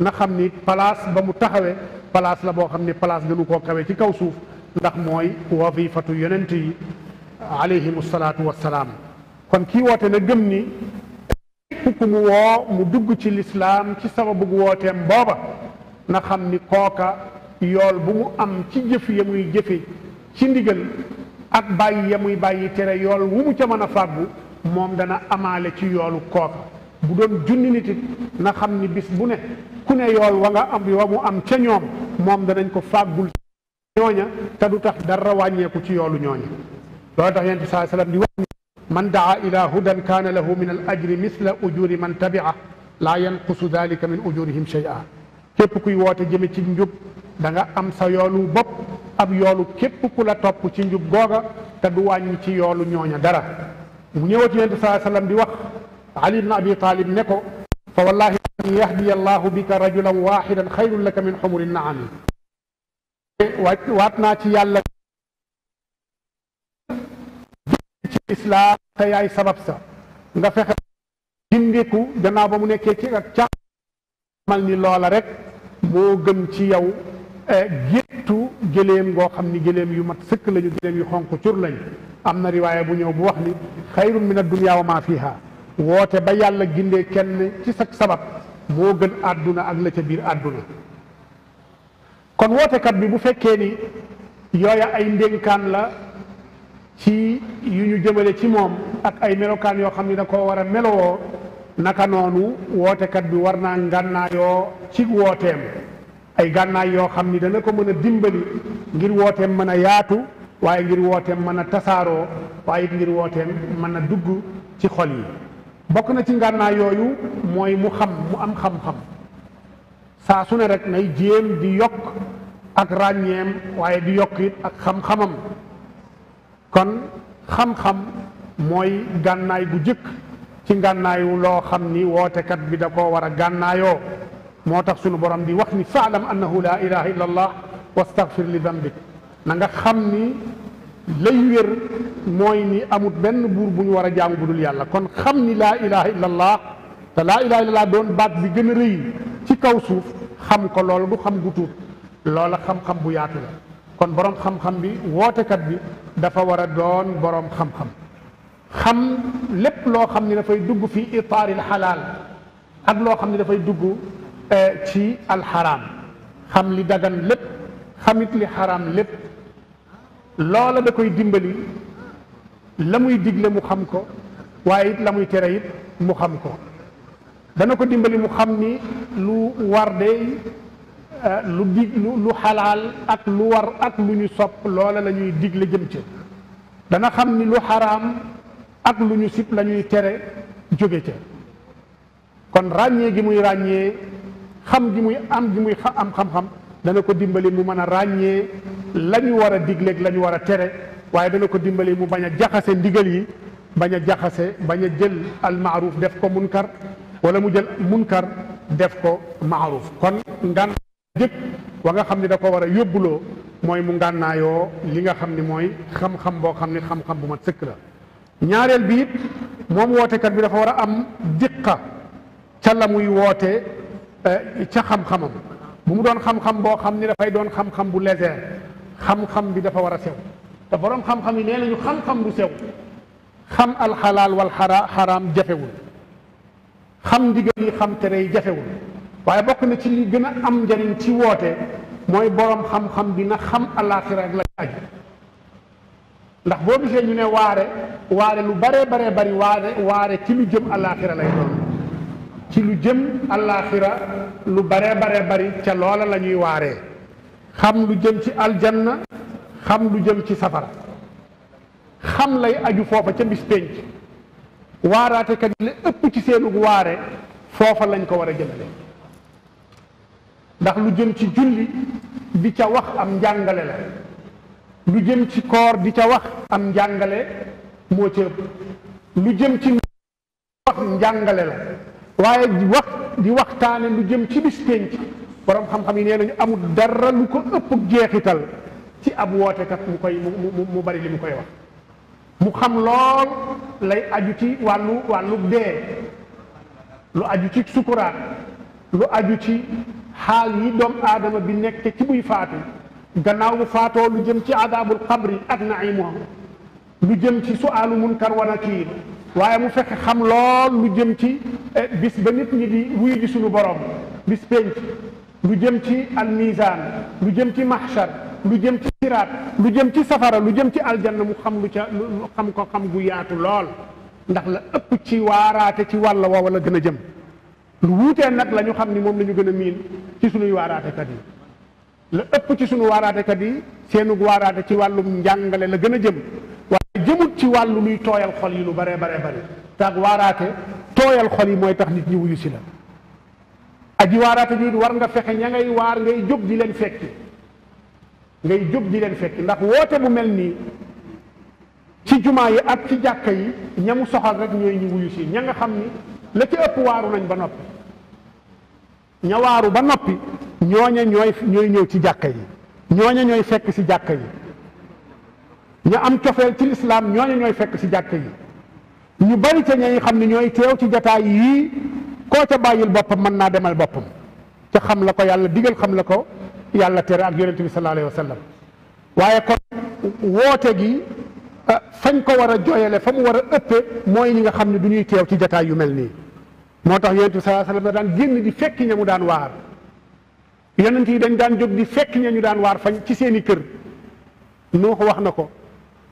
na xam ni palaas ba mu taxawee place la boo xam ni place gënu koo kawe ci kaw suuf ndax mooy wafifatu yenent yi alayhim salaatu wassalaam kon kii woote na gëm ni képp mu woo mu dugg ci lislaam ci sababu wooteem booba na xam ni kooka yool bu mu am ci jëf ya muy jëfe ci ndigal ak bàyyi ya muy bàyyi tere yool wu mu ca mën a fàggu moom dana amaale ci yoolu kooka bu doon junni nit na xam ni bis bu ne ku ne yool wa nga am wa mu am ca ñoom moom danañ ko fàggul ñooña te du tax dara wàññeeku ci yoolu ñooña loolu tax yonent bi saa sallam di wax ni man daa ila hudan kaana lahu min al ajri misla ujuri man tabia laa yanqusu dalika min ujurihim shay'a képp kuy woote jëme ci njub da am sa yoolu bopp ab yoolu képp ku la topp ci njub googa te du wàññi ci yoolu ñooña dara mu ñëwaat yonent saa sallam di wax ali ibn abi talib ne ko fa wallahi an yahdiya allahu bika rajulan waxidan xayrun laka min xumuri naami waat waat naa ci yàlla ci islaam te yaay sabab sa nga fexe gindiku gannaaw ba mu nekkee ci ak càmal ni loola rek moo gën ci yow eh, géttu gëléem goo xam ni gëléem yu mat sëkk lañu gëléem yu xonq cur lañu am na riwaaya bu ñëw bu wax ni xayrun min addunya maa fii fiha woote ba yàlla gindee kenn ci sa sabab moo gën àdduna ak la ca biir àdduna kon wootekat bi bu fekkee ni yooya ay ndénkaan la ci yu ñu jëmale ci moom ak ay melokaan yoo xam ni da ko war a melowoo naka noonu wootekat bi war naa ngànnaayoo ci wooteem ay gànnaay yoo xam ni dana ko mën a dimbali ngir wooteem mën a yaatu waaye ngir wooteem mën a tasaaroo waaye it ngir wooteem mën a dugg ci xol yi bokk na ci ngànnaa yooyu mooy mu xam mu am xam-xam saa su ne rek nay jéem di yokk ak ràññeem waaye di yokk it ak xam-xamam kon xam-xam mooy gànnaay bu jëkk ci ngànnaayu loo xam ni wootekat bi da koo war a gànnaayoo moo tax sunu borom di wax ni faalam annahu laa ilaha illa allah wastaghfir li dambik na nga xam ni lay wér mooy ni amut benn buur bu ñu war a jaamu budul yàlla kon xam ni laa ilaha illallah te laa ilaha illallah doon baat bi gën a rëy ci kaw suuf xam ko loolu du xam gu tuut loola xam-xam bu yaatu la kon borom xam bi wootekat bi dafa war a doon boroom xam-xam lépp loo xam ni dafay dugg fi itaaril xalaal ak loo xam ni dafay dugg eh, ci alxaraam xam li dagan lépp xamit li xaraam lépp loola da koy dimbali la muy digle mu xam ko waaye it la muy tere it mu xam ko dana ko dimbali mu xam ni lu war de eh, lu lu xalaal ak lu war ak lu ñu sopp loola lañuy digle jëm ca dana xam ni lu xaraam ak lu ñu sib lañuy tere jóge ca kon ràññee gi muy ràññee xam gi muy am gi muy am xam-xam dana ko dimbali mu mën a ràññee la ñu war a digleeg lañu war a tere waaye dana ko dimbali mu bañ a jaxase ndigal yi bañ a jaxase bañ a jël al maaruf def ko munkar wala mu jël munkar def ko maaruf kon ngan jëkk wa nga xam ne da war a yóbbuloo mooy mu ngànnaayoo li nga xam ni mooy xam-xam boo xam ni xam-xam bu ma sëkk la ñaareel bi it moom wootekat bi dafa war a am diqa ca la muy woote eh, ca xam-xamam bu mu doon xam-xam boo xam ni dafay doon xam-xam bu légère xam-xam bi dafa war a sew te boroom xam-xam yi nee nañu xam-xam bu sew xam alxalaal wal xara xaraam jafewul xam ndigal xam tere yi jafewul waaye bokk na ci li gën a am njariñ ci woote mooy boroom xam-xam bi na xam alaaxira ak la aju ndax boo gisee ñu ne waare waare lu baree baree bari waare waare ci lu jëm alaaxira lay doon ci lu jëm alaaxira lu baree bare bari ca loola lañuy ñuy waaree xam lu jëm ci aljanna xam lu jëm ci safara xam lay aju foofa ca bis pénc waaraatekat yi ëpp ci seenug waare foofa lañ ko war a jëmale ndax lu jëm ci julli di ca wax am njàngale la lu jëm ci koor di ca wax am njàngale moo ca ëpp lu jëm ci wax njàngale la waaye di wax di waxtaane lu jëm ci bis borom xam-xam yi nee nañu amul dara lu ko ëpp jeexital ci ab wootekat mu koy mu mu bari li mu koy wax mu xam lool lay aju ci wàllu wàllu dee lu aju ci sukuraat lu aju ci xaal yi doomu aadama bi nekk ci buy faatu gannaaw bu faatoo lu jëm ci adaabul qabri ak naimo lu jëm ci su munkar wa nakiir waaye mu fekk xam lool lu jëm ci eh, bis ba nit ñi di wuy di suñu borom bis penc lu jëm ci almizan lu jëm ci mahshar lu jëm ci siraat lu jëm ci safara lu jëm ci aljanna mu xam lu ca lu xam ko xam gu yaatu lool ndax la ëpp ci waaraate ci wàll woowa la gën a jëm lu wuutee nag la ñu xam ni moom lañu gën a miin ci sunuy waaraatekat yi la ëpp ci sunu waaraatekat yi seenu waaraate ci wàllum njàngale la gën a jëm waaye jëmut ci wàllu luy tooyal xol yi lu baree baree bëri taag waaraate tooyal xol yi mooy tax nit ñi wuyu si la aji waaraate ji war nga fexe ña ngay waar ngay jóg di leen fekki ngay jóg di leen fekki ndax woote bu mel nii ci jumaa yi ak ci jàkka yi ña mu soxal rek ñooy ñu wuyu ña nga xam ni la ci ëpp waaru nañ ba noppi ña ba noppi ñooña ñooy ñooy ñëw ci jàkka yi ñooña fekk si jàkka yi ña am cofeel ci lislaam ñooña ñooy fekk ci jàkk yi ñu bari ca ñay xam ne ñooy teew ci jataay yii koo ca bàyyil boppam mën naa demal boppam te xam la ko yàlla digal xam la ko yàlla tere ak yonente bi sallallahu alayhi wa waaye kon woote gi ah, fañ ko war a jooyale fa mu war a ëppee mooy ñi nga xam ne du ñuy teew ci jataay yu mel nii moo tax yonente bi sallallahu alayhi wa daan génn di fekki ña mu daan waar yonent yi dañ daan jóg di fekk ña ñu daan waar fañ ci seeni kër noo ko wax na ko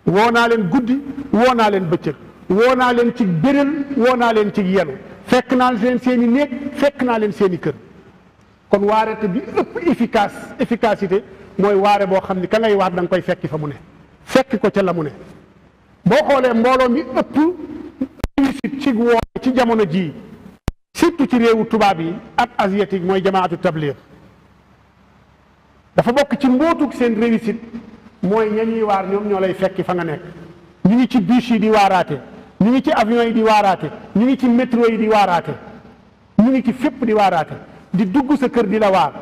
woo naa leen guddi woo naa leen bëccëg woo naa leen cig bérél woo naa leen ci yenu fekk naa leen seen i néeg fekk naa leen seeni i kër kon waarete bi ëpp efficace efficacité mooy waare boo xam ni ka ngay waar danga koy fekki fa mu ne fekki ko ca la mu ne boo xoolee mbooloo mi ëpp ci woo ci jamono jii surtout ci réewu tubaab yi ak asiatique mooy jamaatu tablir dafa bokk ci mbootuk seen réussite mooy ña ñuy waar ñoom ñoo lay fekki fa nga nekk ñu ngi ci bûche yi di waaraate ñu ngi ci avion yi di waaraate ñu ngi ci métro yi di waaraate ñu ngi ci fépp di waaraate di dugg sa kër di la waar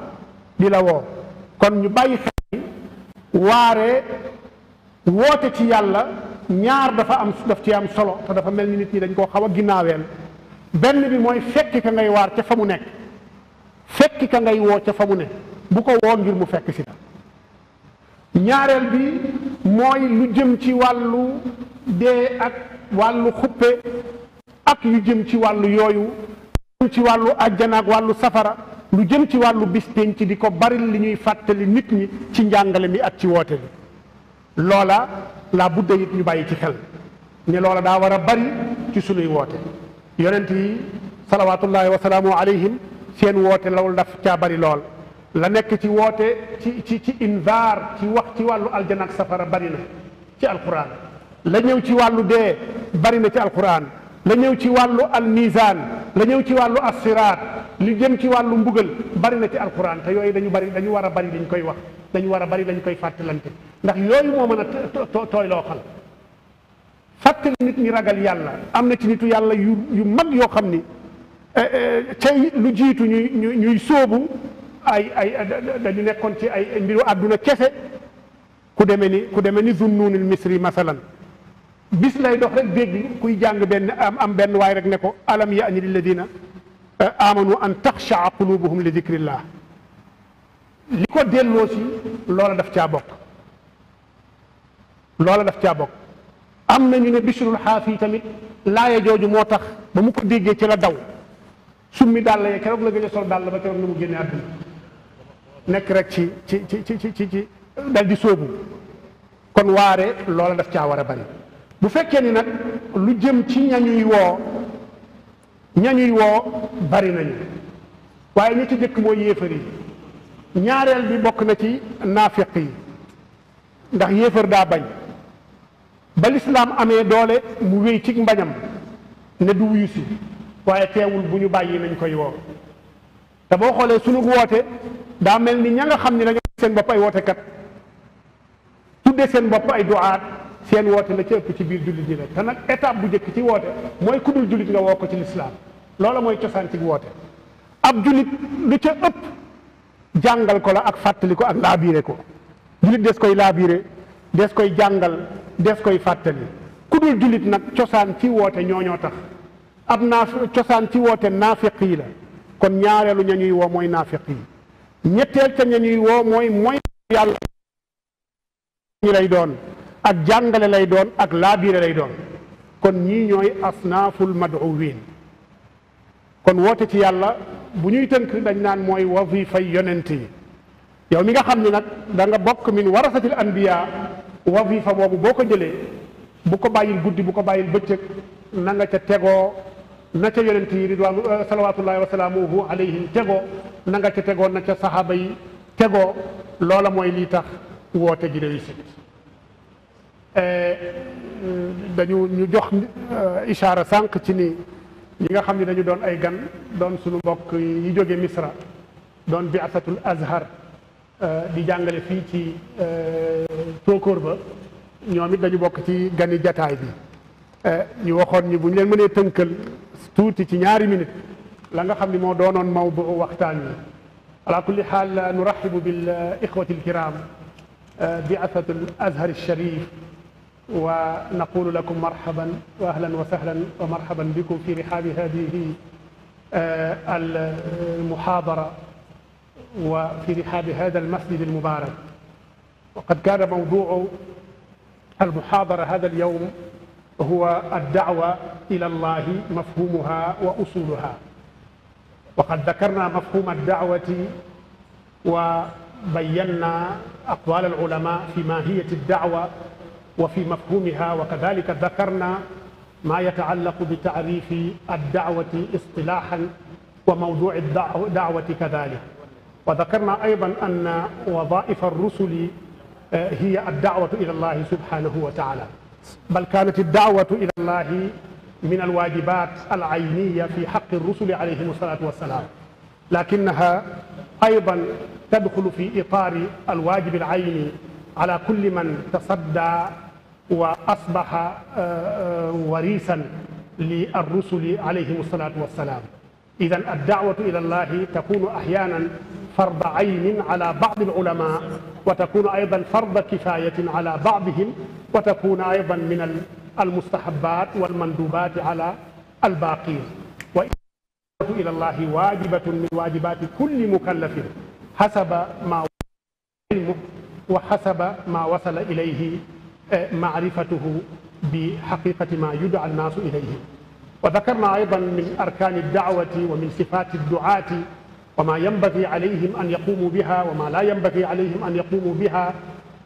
di la woo kon ñu bàyyi xel ni waaree woote ci yàlla ñaar dafa am daf ci am solo te dafa mel ni nit ñi dañ koo xaw a ginnaaweel benn bi mooy fekki ka ngay waar ca fa mu nekk fekki ka ngay woo ca fa mu ne bu ko woo ngir mu fekk si la ñaareel bi mooy lu jëm ci wàllu dee ak wàllu xuppe ak yu jëm ci wàllu yooyu lu ci wàllu àjjana ak wàllu safara lu jëm ci wàllu bis pénc ci di ko bari li ñuy fàttali nit ñi ci njàngale mi ak ci woote bi loola laa budda it ñu bàyyi ci xel ne loola daa war a bari ci sunuy woote yonent yi salawaatullahi wa salaamu alayhim seen woote loolu daf caa bari lool la nekk ci woote ci ci ci invaar ci wax ci wàllu aljana ak safara bari na ci alquran la ñëw ci wàllu dee bari na ci alquran la ñëw ci wàllu almizan la ñëw ci wàllu assiraat li jëm ci wàllu mbugal bari na ci alquran te yooyu dañu bari dañu war a bari dañ koy wax dañu war a bari dañ koy fàttalante ndax yooyu moo mën a tooy loo xal fàttali nit ñi ragal yàlla am na ci nitu yàlla yu yu mag yoo xam ni eh, eh, cay lu jiitu ñuy ñuy sóobu ay ay dañu nekkoon ci ay mbiru àdduna kese ku deme ni ku demee ni zunnuunil misri masalan bis lay dox rek dégg kuy jàng benn am am benn waay rek ne ko alam yaani lilladina eh, amanu an taxshaa qulubuhum li dikrillah li ko delloo si loola daf caa bokk loola daf caa bokk am na nañu ne bisrul xaafi tamit laaya jooju moo tax ba mu ko déggee ci la daw summi dàll ya keroog la gëj a sol dàll ba keroog na mu génne àdduna nekk rek ci ci ci ci ci ci dal di kon waare loola daf caa war a bu fekkee ni nag lu jëm ci ñañuy woo ña ñañuy woo bari nañu waaye ñi ci jëkk mooy yéefar yi ñaareel bi bokk na ci naafiq yi ndax yéefar daa bañ ba lislaam amee doole mu wéy ci mbañam ne du wuyu si waaye teewul bu ñu bàyyi nañ koy woo te boo xoolee sunu woote daa mel ni ña nga xam ne dañoo seen bopp ay wootekat tudde seen bopp ay duaat seen woote la ci ëpp ci biir jullit ñi la te nag étape bu njëkk ci woote mooy ku dul jullit nga woo ko ci lislaam loola mooy cosaan ci woote ab jullit lu ca ëpp jàngal ko la ak fàttali ko ak laabiire ko jullit des koy laabiire des koy jàngal des koy fàttali ku dul jullit nag cosaan ci woote ñoo ñooñoo tax ab naaf cosaan ci woote naafiq yi la kon ñaareelu ña ñuy woo mooy naafiq yi ñetteel ca ña ñuy woo mooy mooy yàlla ñu lay doon ak jàngale lay doon ak laabiire lay doon kon ñii ñooy asnaaful maduwin kon woote ci yàlla bu ñuy tënk dañ naan mooy wazifay yonent yi yow mi nga xam ne nag da nga bokk min warasatil anbiya wazifa boobu boo ko jëlee bu ko bàyyil guddi bu ko bàyyil bëccëg na nga ca tegoo na ca yonent yi ridwaanu euh, salawaatullahi wa salaamuhu alayhim tegoo na nga ca tegoo na ca saxaaba yi tegoo loola mooy lii tax woote ji réussite Eh, dañu ñu jox eh, ishaara sànq ci ni ñi nga xam ne dañu doon ay gan doon suñu mbokk yi jóge misra doon biasatul azhar eh, di jàngale fii ci tóokóor ba ñoom it dañu bokk ci gani jataay bi ñu waxoon ñi bu ñu leen mënee tënkal tuuti ci ñaari minute la nga xam ni moo doonoon mawdu waxtaan wi ala kulli xaal nuraxibu bil ixwati alkiram biasatul azhar alsharif ونقول لكم مرحبا واهلا وسهلا ومرحبا بكم في رحاب هذه المحاضره وفي رحاب هذا المسجد المبارك وقد كان موضوع المحاضره هذا اليوم هو الدعوه الى الله مفهومها واصولها وقد ذكرنا مفهوم الدعوه وبينا اقوال العلماء في ماهيه الدعوه wa fi mafhumiha wa kadalika dakarna maa yataallaqu bi taarifi addaawati istilahan wa mawduci daawati kadalik wa dakarna aydan anna wadaifa rusuli eh, hiya addaawatu ila allahi subhanahu wa taala bal kaanat addaawatu ila allahi min alwajibat alcayniya fi xaqi rusuli alayhim assalatu wassalaam lakinaha aydan tadxulu fi itaari alwajibi alcayni ala kulli man tasadda wa asbaha eh, eh, warisan li arrusuli alayhim assalatu wassalaam idan addaawatu ila allahi takunu axyanan farda aynin ala badi alulama wa takunu aydan farda kifayatin ala badihim wa takunu aydan min almustahabat walmandubat ala albaqin wa addaawatu ila allahi wajibatun min wajibati kulli mukallafin xasaba ma ilmu wa xasaba ma wasala ilayhi maarifatuhu bi xaqiqati ma yudaa annaasu ilayhi wa dakarna aydan min arkaani addaawati wa min sifaati adduaati wa ma yanbagi alayhim an yaqumu biha wa ma la yanbagi alayhim an yaqumu biha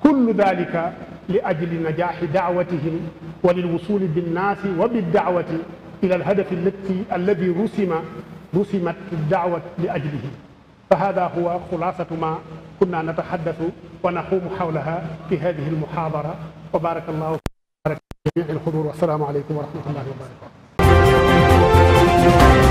kullu dalika li ajli najaaxi daawatihim wa lilwusuli binnaasi wa biddaawati ila alhadafi allati alladi rusima rusimat daawat li ajlihi fa hada huwa xulaasatu ma kunna nataxaddasu wa naquumu xawlaha fi hadihi almuxaadara wa barakallahu fi jamii al xudur wa salaamu aleykum wa rahmatullahi wa barakatu